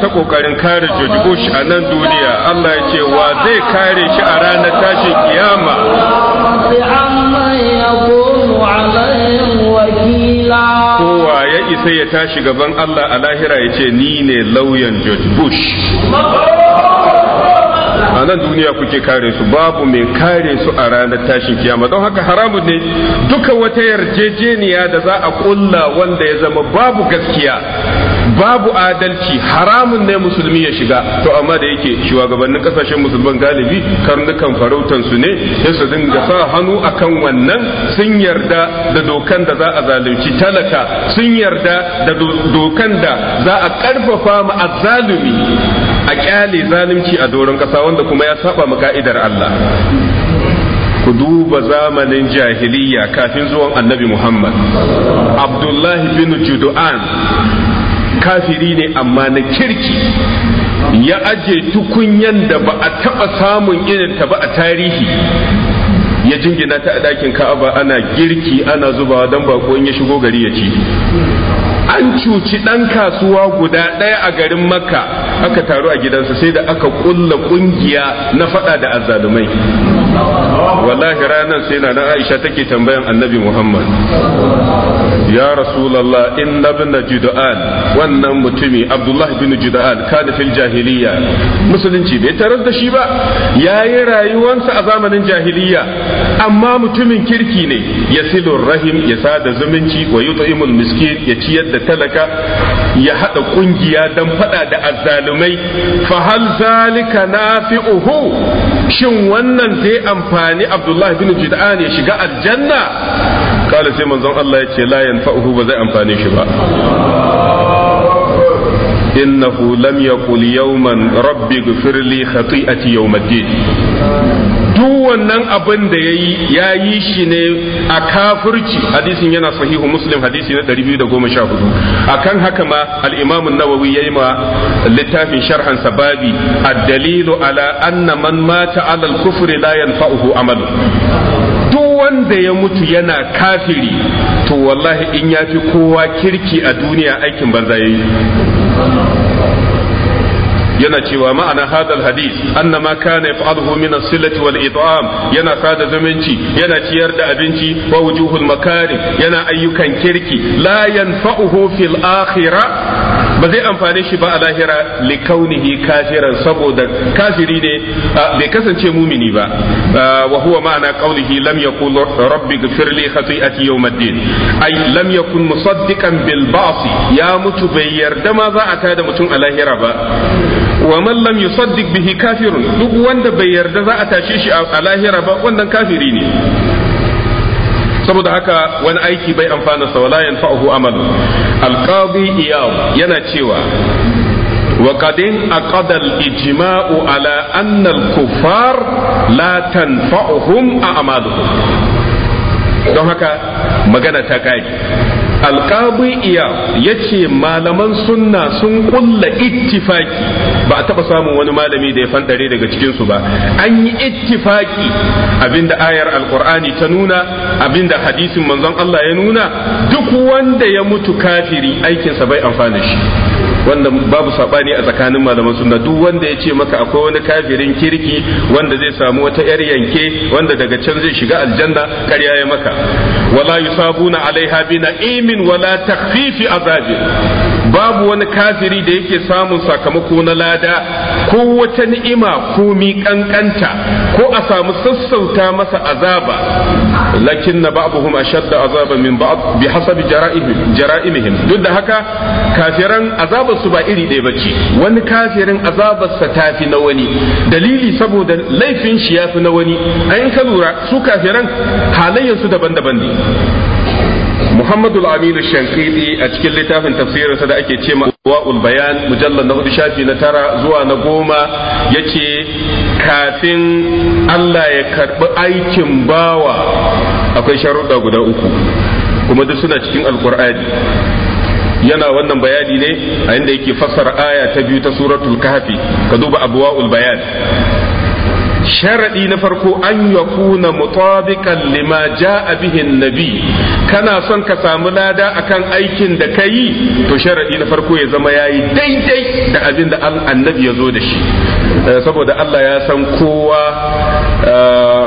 ta kokarin kare George Bush a nan duniya Allah ya ce wa zai kare shi a ranar tashin kiyama kowa ya isa ya tashi gaban Allah a lahira ya ce ni ne lauyan George Bush a nan duniya kuke kare su babu mai kare su a ranar tashin kiyama don haka haramun ne duka wata yarjejeniya da za a kulla wanda ya zama babu gaskiya babu adalci haramun ne musulmi ya shiga to amma da yake shugabannin kasashen musulman galibi karnukan farautan su ne sai su dinga sa hannu akan wannan sun yarda da dokan da za a zalunci talaka sun yarda da dokan da za a karfafa ma azzalumi a kyale zalunci a doron kasa wanda kuma ya saba ma ka'idar Allah ku duba zamanin jahiliya kafin zuwan annabi Muhammad Abdullahi bin Judu'an kafiri ne amma na kirki ya aje tukunyan da ba a taɓa samun irin ta ba a tarihi ya jingina ta a dakin ka'aba ana girki ana zubawa don bakon ya shigo gari ya ci an cuci ɗan kasuwa guda ɗaya a garin makka aka taru a gidansa sai da aka ƙulla ƙungiya na faɗa da azzalumai wallahi ranar sai na aisha take tambayan annabi muhammad ya rasulallah inna ibn jud'an wannan mutumi abdullahi bin jud'an kana fil jahiliya musulunci bai tarar da shi ba yayi rayuwansa a zamanin jahiliya amma mutumin kirki ne ya yasilur rahim ya sada zumunci wa yut'imul miskin ya ciyar da talaka ya hada kungiya dan fada da azzalumai fa hal zalika nafi'uhu shin wannan ta yi amfani abdullahi bin jid'an ya shiga aljanna kala sai manzon Allah ya ce la yanfa'uhu ba zai amfane shi ba innahu lam yaqul yawman rabbi ighfir li khati'ati yawmiddin duk wannan abin da yayi yayi shi ne a kafirci hadisin yana sahihu muslim hadisi na 214 akan haka ma al-imam an-nawawi yayi ma littafin sharhan sababi ad-dalilu ala anna man mata ala al-kufri la yanfa'uhu duk wanda ya mutu yana kafiri to wallahi in ya fi kowa kirki a duniya aikin banza yayi yana cewa ma'ana hadal hadis annama kana yaf'aluhu min as-sillati wal it'am yana sada zumunci yana ciyar da abinci wa wujuhul makarim yana ayyukan kirki la yanfa'uhu fil akhirah ba zai amfane shi ba a lahira likaunihi kafiran saboda kafiri ne bai kasance mumini ba wa huwa ma'ana qaulihi lam yakul rabbi ghfir li khati'ati yawmiddin ai lam yakun musaddiqan bil ba'si ya mutu bai yarda ma za a tada mutum a lahira ba wa man lam yusaddiq bihi kafirun duk wanda bai yarda za a tashe shi a lahira ba wannan kafiri ne saboda haka wani aiki bai amfana sa wala yanfa'uhu amalu alqadi iyab yana cewa وقد انعقد الإجماع على أن الكفار لا تنفعهم أعمالهم don haka magana ta kari alƙabi iya ya ce malaman sunna sun ƙulla ittifaki ba a taba samun wani malami da ya fanɗare daga cikin su ba an yi ittifaki abinda ayar alqur'ani ta nuna abinda hadisin manzon Allah ya nuna duk wanda ya mutu kafiri aikinsa bai amfana shi wanda babu sabani a tsakanin malaman sunna duk wanda ya ce maka akwai wani kafirin kirki wanda zai samu wata yar yanke wanda daga can zai shiga aljanna ƙarya ya maka wala yusabuna alaiha bina imin wala takfifi azabi babu wani kafiri da yake samun sakamako na lada ko wata ni'ima ko mi kankanta ko a samu sassauta masa azaba lakin na ba'dhum ashadda azaba min ba bi hasabi jara'imihim duk da haka kafiran azabar su ba iri ɗaya ce. wani kafirin azabar sa tafi na wani dalili saboda laifin shi yafi na wani ayin ka lura su kafiran halayyar su daban-daban ne Muhammadu aminu Shankidi a cikin littafin tafsirarsa da ake ce wa'ul bayani mujallar na hudu shafi na tara zuwa na goma ya ce kafin Allah ya karɓi aikin bawa akwai sharuɗa guda uku kuma duk suna cikin alkur'ani yana wannan bayani ne a inda yake fassara aya ta biyu ta suratul kahfi ka duba abwaul bayan sharadi na farko an ya kuna mutabiqan lima jaa bihi nabi kana son ka samu lada akan aikin da kai to sharadi na farko ya zama yayi daidai da abin da annabi ya zo da shi eh, saboda Allah ya san kowa eh,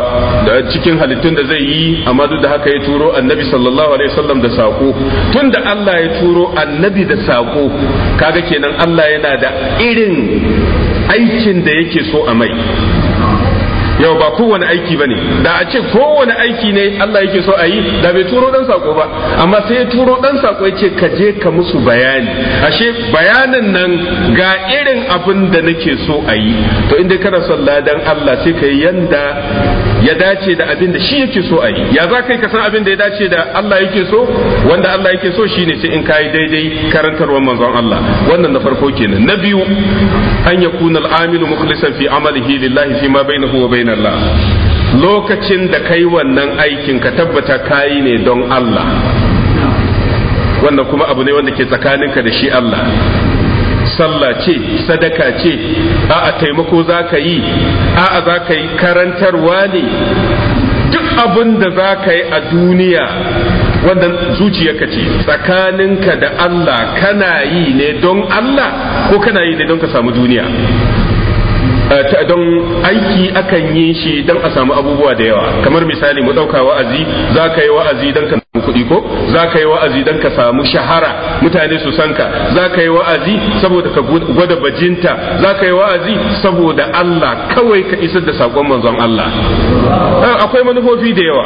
da cikin halittun da zai yi amma duk da haka ya turo annabi sallallahu alaihi wasallam da sako tun da Allah ya turo annabi da sako kaga kenan Allah yana da irin aikin da yake so a mai yau ba kowane aiki ba ne? da a ce kowane aiki ne Allah yake so a yi da bai turo dan sako ba amma sai ya turo dan sako ya ce ka je ka musu bayani ashe bayanin nan ga irin abin da nake so a yi to inda kana son ladan Allah sai ka yi yanda ya dace da abin da shi yake so a yi ya za kai ka san abin da ya dace da Allah yake so wanda Allah yake so shine sai in kai daidai karantarwar manzon Allah wannan na farko kenan na biyu an yakuna al-amilu mukhlisan fi amalihi lillahi fi ma bainahu wa bain min Allah lokacin da kai wannan aikin ka tabbata kayi ne don Allah wannan kuma abu ne wanda ke tsakaninka da shi Allah sallah ce sadaka ce a'a taimako za ka yi a'a za ka yi karantarwa ne duk abin da za ka yi a duniya wanda zuciyarka ce tsakaninka da Allah kana yi ne don Allah ko kana yi ne don ka samu duniya Eh, don aiki akan yi shi don a samu abubuwa da yawa kamar misali mu ɗauka wa'azi za ka yi wa'azi don ka samu kuɗi ko za ka yi wa'azi don ka samu shahara mutane su san ka za ka yi wa'azi saboda ka gwada bajinta za ka yi wa'azi saboda Allah kawai ka isar da sakon manzon Allah eh, akwai manufofi da yawa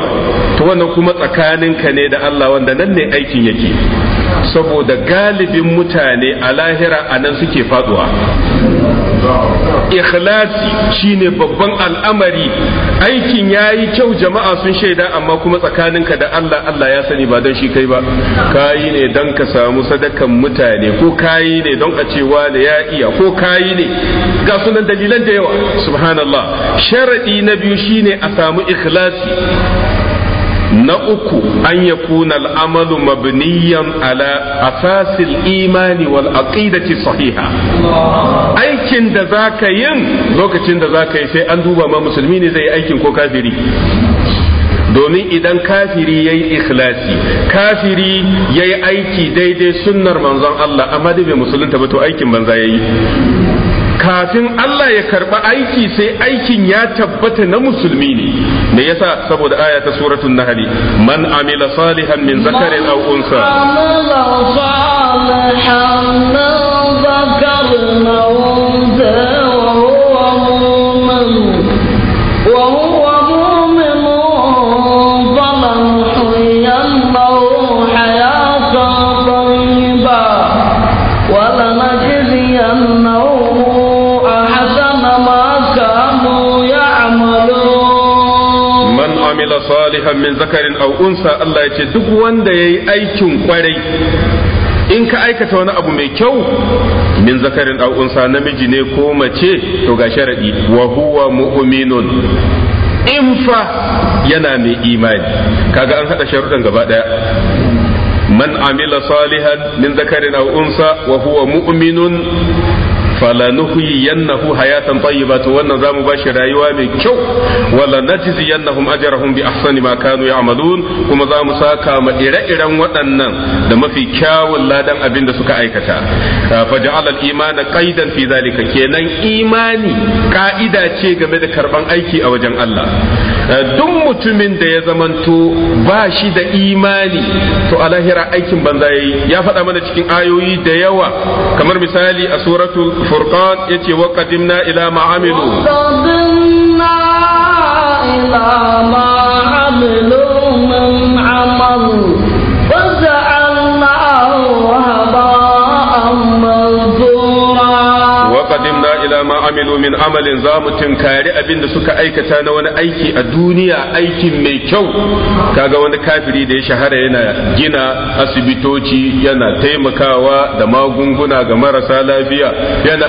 to wannan kuma tsakaninka ne da Allah wanda nan ne aikin yake saboda galibin mutane a lahira a nan suke faduwa ikhlasi shine babban al'amari aikin yayi kyau jama'a sun shaida amma kuma tsakaninka da Allah Allah ya sani ba dan shi kai ba kayi ne dan ka samu sadakan mutane ko kayi ne don a cewa da ya iya ko kayi ne ga sunan dalilan da yawa subhanallah sharadi na biyu shine a samu ikhlasi na uku an ya kuna al'amalu ala asasil imani wal aqidati sahiha aikin da za ka yin lokacin da za ka yi sai an duba ma musulmi ne zai yi aikin ko kafiri domin idan kafiri ya yi ikhlasi kafiri ya yi aiki daidai sunnar manzon Allah amma dai bai musulunta ba to aikin banza ya yi kafin Allah ya karba aiki sai aikin ya tabbata na musulmi ne me yasa saboda aya ta suratul nahl man amila salihan min zakarin aw unsa
amila salihan min zakarin aw
amila salihan min zakarin aw unsa Allah yace duk wanda yayi aikin kwarai in ka aikata wani abu mai kyau min zakarin aw unsa namiji ne ko mace to ga sharadi wa huwa mu'minun in fa yana mai imani kaga an hada sharuɗan gaba daya man amila salihan min zakarin aw unsa wa huwa mu'minun fala yannahu hayatan tayyiba to wannan zamu bashi rayuwa mai kyau wala yannahu ajrahum bi ahsani ma kanu ya'malun kuma zamu saka ma ire-iren waɗannan da mafi kyawun ladan abin da suka aikata fa ja'ala al-iman qaidan fi zalika kenan imani ka'ida ce game da karban aiki a wajen Allah duk mutumin da ya zamanto ba shi da imani to a lahira aikin banza yayi ya faɗa mana cikin ayoyi da yawa kamar misali a suratul furqan yace wa qadimna ila ma amilu ila ma amilu min amalin za mu tinkari abin da suka aikata na wani aiki a duniya aikin mai kyau kaga wani kafiri da ya shahara yana gina asibitoci yana taimakawa da magunguna ga marasa lafiya yana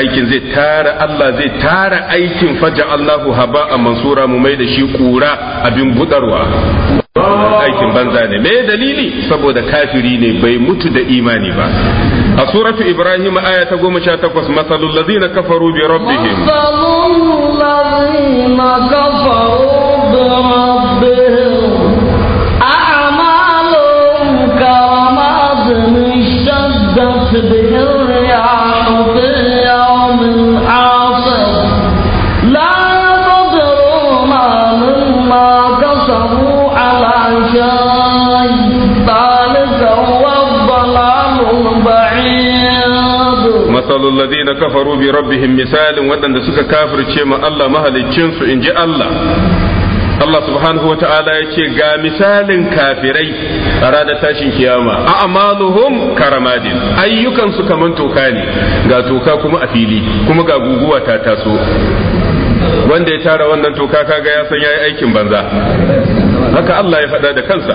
aikin zai tara Allah zai tara aikin faja Allahu haba a mansura mu mai da shi kura abin budarwa Oh. aikin banza ne me dalili saboda kafiri ne bai mutu da imani ba a suratu ibrahim aya ta goma sha takwas masalul ladina kafaru bi rabbihim
masalul ladina kafaru
bi rabbihim
shaddat
مثل na kafaru بربهم مثال misalin waɗanda suka شيما الله مهل mahaliccin su in ji Allah Allah subhanahu wa ta'ala ya ce ga misalin kafirai a ranar tashin kiyama a amaluhum karamadin ayyukansu kaman toka ne ga toka kuma a fili kuma ga guguwa ta taso wanda ya tara wannan toka kaga ya san yayi aikin banza haka Allah ya faɗa da kansa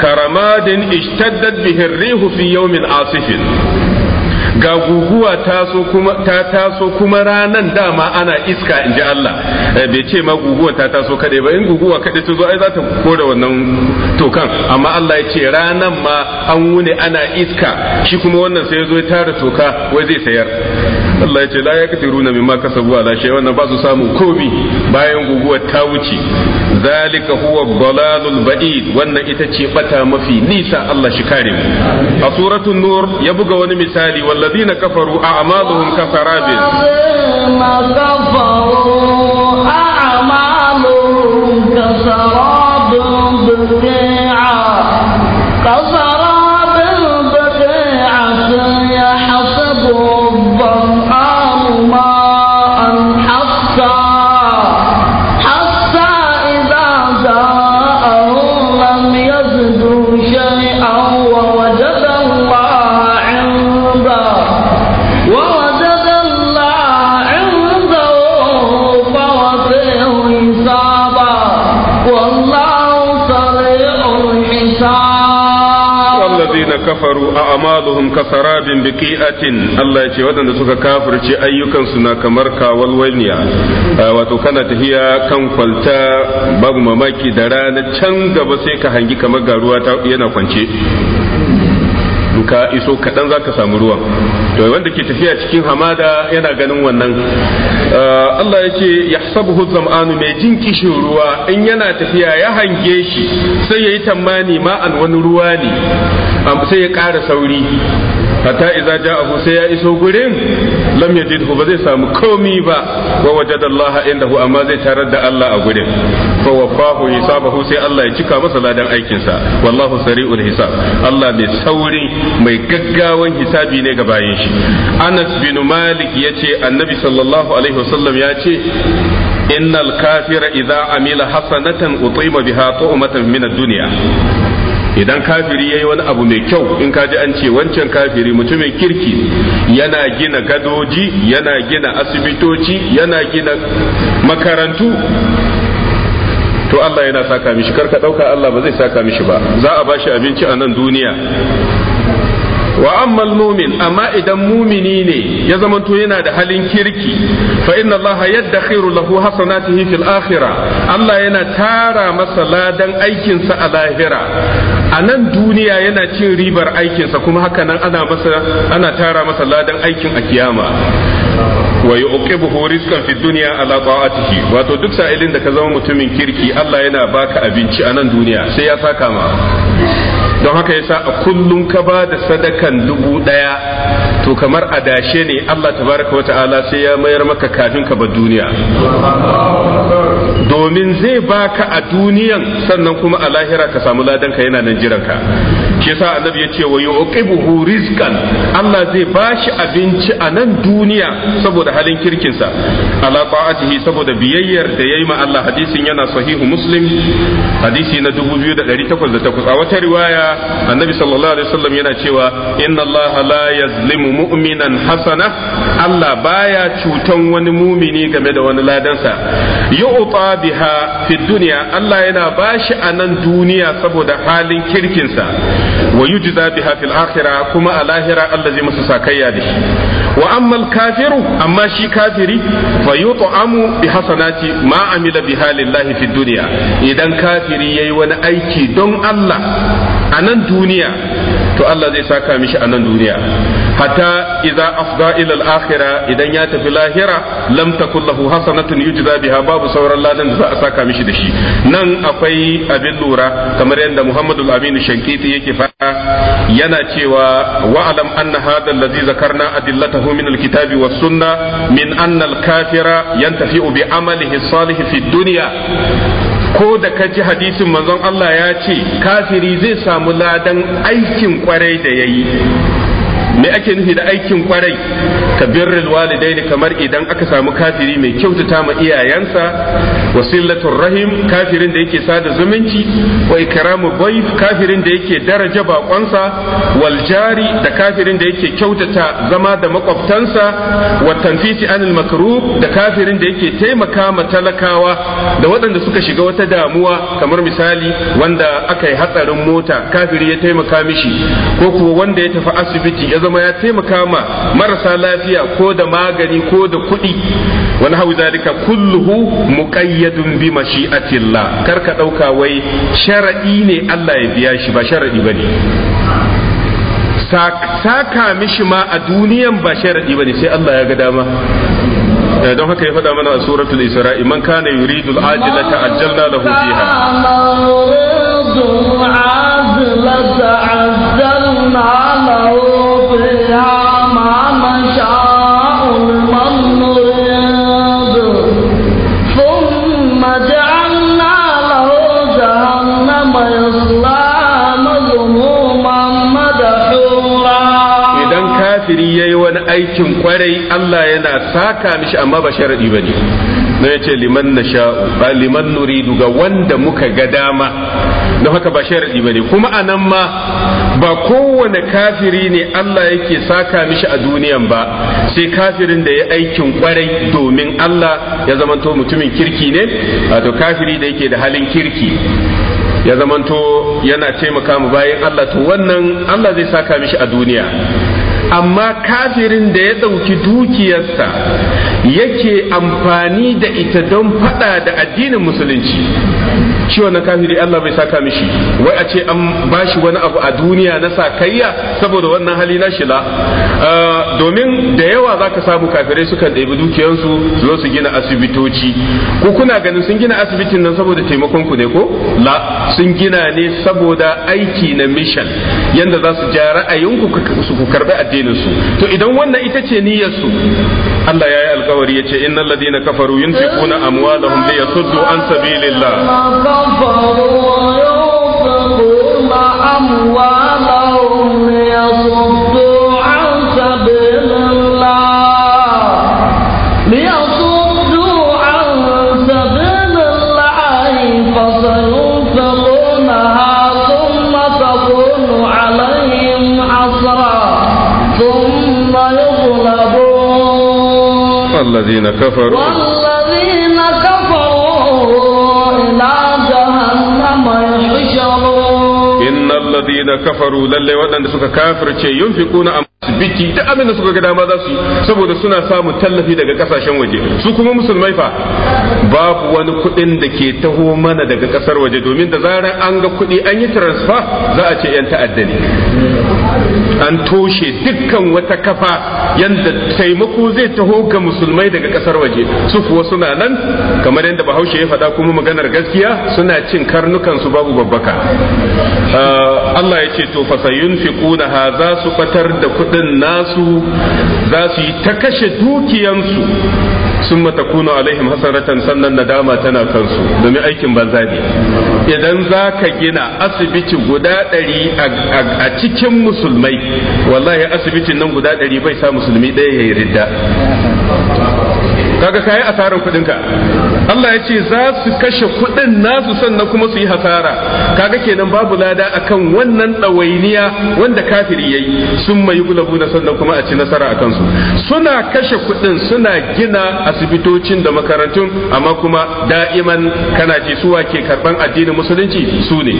karamadin ishtaddat bihi rihu fi yawmin asifin ga guguwa ta taso kuma ranan dama ana iska in ji Allah eh, bai ce ma guguwa ta taso kade ba in guguwa kade ta zo ai za ta kora wannan tokan amma Allah ya ce ranan ma an wune ana iska shi kuma wannan sai ya zo ya tara toka wai zai sayar Allah ya ce la yaktiruna mimma kasabu ala shay wannan ba su samu komi bayan guguwar ta wuce zalika huwa dalalul ba'id wannan ita ce bata mafi nisa Allah shi kare mu a suratul nur ya buga wani misali walladina kafaru a'maluhum kasarabin
ma kafaru
kafaru a amaluhum kasarabin cin Allah ya ce waɗanda suka kafirce ayyukansu na kamar kawal walniya wato kana tafiya kan kwalta babu mamaki da rana can gaba sai ka hangi kamar garuwa yana kwance in iso kaɗan zaka samu ruwa. to wanda ke tafiya cikin hamada yana ganin wannan eh, Allah ya ce ya sabuhu zam'anu mai jin kishin ruwa in yana tafiya ya hange shi sai ya yi tammani an wani ruwa ne sai ya ƙara sauri hatta idza ja'ahu sai ya iso gurin lam yajidhu ba zai samu komi ba wa wajadallaha indahu amma zai tarar da Allah a gurin fa wafahu hisabahu sai Allah ya cika masa ladan aikinsa wallahu sari'ul hisab Allah mai saurin mai gaggawan hisabi ne ga bayin shi Anas bin Malik yace Annabi sallallahu alaihi wasallam ya ce innal kafira idza amila hasanatan utima biha tu'matan min ad-dunya idan kafiri ya yi wani abu mai kyau in kaji an ce wancan kafiri mutumin kirki yana gina gadoji yana gina asibitoci yana gina makarantu to Allah yana saka mishi karka ɗauka Allah ba zai saka mishi ba za a bashi abinci a nan duniya wa ammal mumin amma idan mumini ne ya zamanto yana da halin kirki fa inna allaha yaddakhiru lahu hasanatihi fil akhirah Allah yana tara masa ladan aikin sa a lahira a nan duniya yana cin ribar aikin sa kuma haka nan ana masa ana tara masa ladan aikin a kiyama wa yuqibuhu rizqan fi duniya ala ta'atihi wato duk sa'ilin da ka zama mutumin kirki Allah yana baka abinci a nan duniya sai ya saka ma don haka yasa a kullum ka ba da sadakan dubu daya to kamar adashe ne Allah tabaraka wa ta'ala sai ya mayar maka kafin ka bar duniya domin zai baka a duniyan sannan kuma a lahira ka samu ladan ka yana nan jiran ka ke sa annabi ya ce wa yuqibuhu rizqan Allah zai bashi abinci a nan duniya saboda halin kirkin sa ala ta'atihi saboda biyayyar da yayi ma Allah hadisin yana sahihu muslim hadisi na 2808 a wata riwaya annabi sallallahu alaihi wasallam yana cewa inna Allah la yazlimu mu'minan hasana Allah baya cutan wani mumini game da wani ladansa yu'ta wa biha fi dunya Allah yana bashi a nan duniya saboda halin kirkinsa wa yujza biha fil akhirah kuma a lahira Allah zai masa sakayya da shi wa amma al kafiru amma shi kafiri fa yut'amu bi hasanati ma amila biha lillahi fi dunya idan kafiri yayi wani aiki don Allah a nan duniya to Allah zai saka mishi a nan duniya hatta idza afda ila al-akhira idan ya tafi lahira lam takul lahu hasanatun yujza biha babu sauran ladan da za a saka mishi da shi nan akwai abin lura kamar yadda Muhammadu Aminu Shankiti yake fara yana cewa wa'alam anna hadha allazi zakarna adillatahu min al-kitabi was sunna min anna al-kafira yantafi'u bi amalihi salih fi dunya ko da ka ji hadisin manzon Allah ya ce kafiri zai samu ladan aikin kwarai da yayi me ake nufi da aikin kwarai ka birrul walidaini kamar idan aka samu kafiri mai kyautata ma iyayensa wasilatul rahim kafirin da yake sada zumunci wa ikramu bayf kafirin da yake daraja bakonsa wal jari da kafirin da yake kyautata zama da makwabtansa wa tanfisi anil makruh da kafirin da yake taimaka ma talakawa da waɗanda suka shiga wata damuwa kamar misali wanda aka yi hatsarin mota kafiri ya taimaka mishi ko kuwa wanda ya tafi asibiti ya zama ya taimaka ma marasa lafiya ko da magani ko da kuɗi wani hau zalika kulluhu muqayyadun bi mashi'atillah kar ka ɗauka wai sharaɗi ne Allah ya biya shi ba sharaɗi bane saka mishi ma a duniyan ba sharaɗi bane sai Allah ya ga dama eh, don haka ya faɗa mana a suratul isra'i man kana yuridu ajilata ajjalna lahu fiha aikin kwarai Allah yana saka mishi amma ba sharadi ba ne na ya ce liman na sha'u ba liman nuri ga wanda muka ga dama don haka ba sharadi ba ne kuma a nan ma ba kowane kafiri ne Allah yake saka mishi a duniyan ba sai kafirin da ya aikin kwarai domin Allah ya zamanto mutumin kirki ne wato kafiri da yake da halin kirki ya zamanto yana taimaka mu bayan Allah to wannan Allah zai saka mishi a duniya amma kafirin da ya ɗauki dukiyarsa yake amfani da ita don fada da addinin musulunci ciwon na kafiri Allah bai saka mishi wai a ce an bashi wani abu a duniya na sakayya saboda wannan hali na shila ah, domin da yawa za ka samu kafirai sukan ɗebi dukiyansu zo su gina asibitoci ko kuna ganin sun gina asibitin nan saboda taimakon ku ne ko la sun gina ne saboda aiki na mission yanda za su ja ra'ayinku su ku karbi addinin su to idan wannan ita ce niyyar su Allah ya yi alkawari ya ce innal ladina kafaru yunfiquna amwalahum da an sabilillah tuddu an
yunfiquna amwalahum
الذين كفروا
والذين كفروا إلى جهنم يحشرون
إن الذين كفروا للي ودن سكا كافر ينفقون biki duk abin da suka ga dama za su yi saboda suna samun tallafi daga kasashen waje su kuma musulmai fa babu wani kuɗin da ke taho mana daga kasar waje domin da zarar an ga kuɗi an yi transfer za a ce yan ta'adda ne an toshe dukkan wata kafa yanda taimako zai taho ga musulmai daga kasar waje su kuwa suna nan kamar yadda bahaushe ya faɗa kuma maganar gaskiya suna cin karnukan su babu babbaka ah, Allah ya ce to fasayun fiquna ha za su fatar da kuɗin irin nasu za su yi ta kashe dukiyansu sun mata matakuna alaihim hasaratan sannan nadama tana kansu domin aikin banza ne idan za ka gina asibiti guda ɗari a cikin musulmai wallahi asibitin nan guda ɗari bai sa musulmi ɗaya ya yi ridda kaga kayi asarar kuɗinka Allah ya ce za su kashe kuɗin nasu sannan kuma su yi hasara kaga kenan babu lada akan wannan ɗawainiya wanda kafiri yayi sun mai gulabu da sannan kuma a ci nasara a kansu suna kashe kuɗin suna gina asibitocin da makarantun amma kuma da'iman kana ji su ke karban addinin musulunci su ne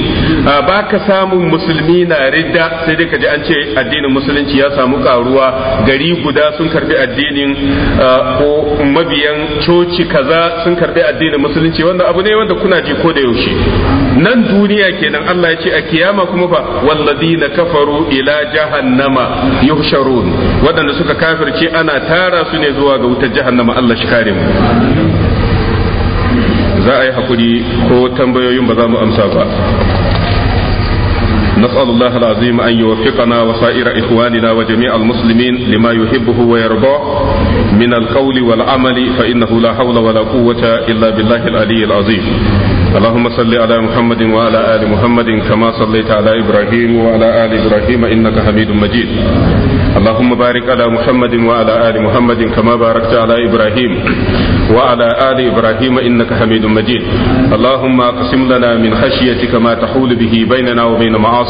ba ka samun musulmi na ridda sai dai ka ji an ce addinin musulunci ya samu karuwa gari guda sun karbi addinin ko mabiyan coci kaza sun karbi dai addinin musulunci wanda abu ne wanda kuna ji ko da yaushe nan duniya kenan Allah ya ce a kiyama kuma fa walladina kafaru ila jahannama yuhsharun waɗanda suka kafirce ana tara su ne zuwa ga wutar jahannama Allah shi kare mu za a yi hakuri ko tambayoyin ba za mu amsa ba نسأل الله العظيم أن يوفقنا وسائر إخواننا وجميع المسلمين لما يحبه ويرضاه من القول والعمل فإنه لا حول ولا قوة إلا بالله العلي العظيم اللهم صل على محمد وعلى آل محمد كما صليت على إبراهيم وعلى آل إبراهيم إنك حميد مجيد اللهم بارك على محمد وعلى آل محمد كما باركت على إبراهيم وعلى آل إبراهيم إنك حميد مجيد اللهم اقسم لنا من خشيتك ما تحول به بيننا وبين معاصي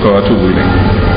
astaghfiruka wa ne?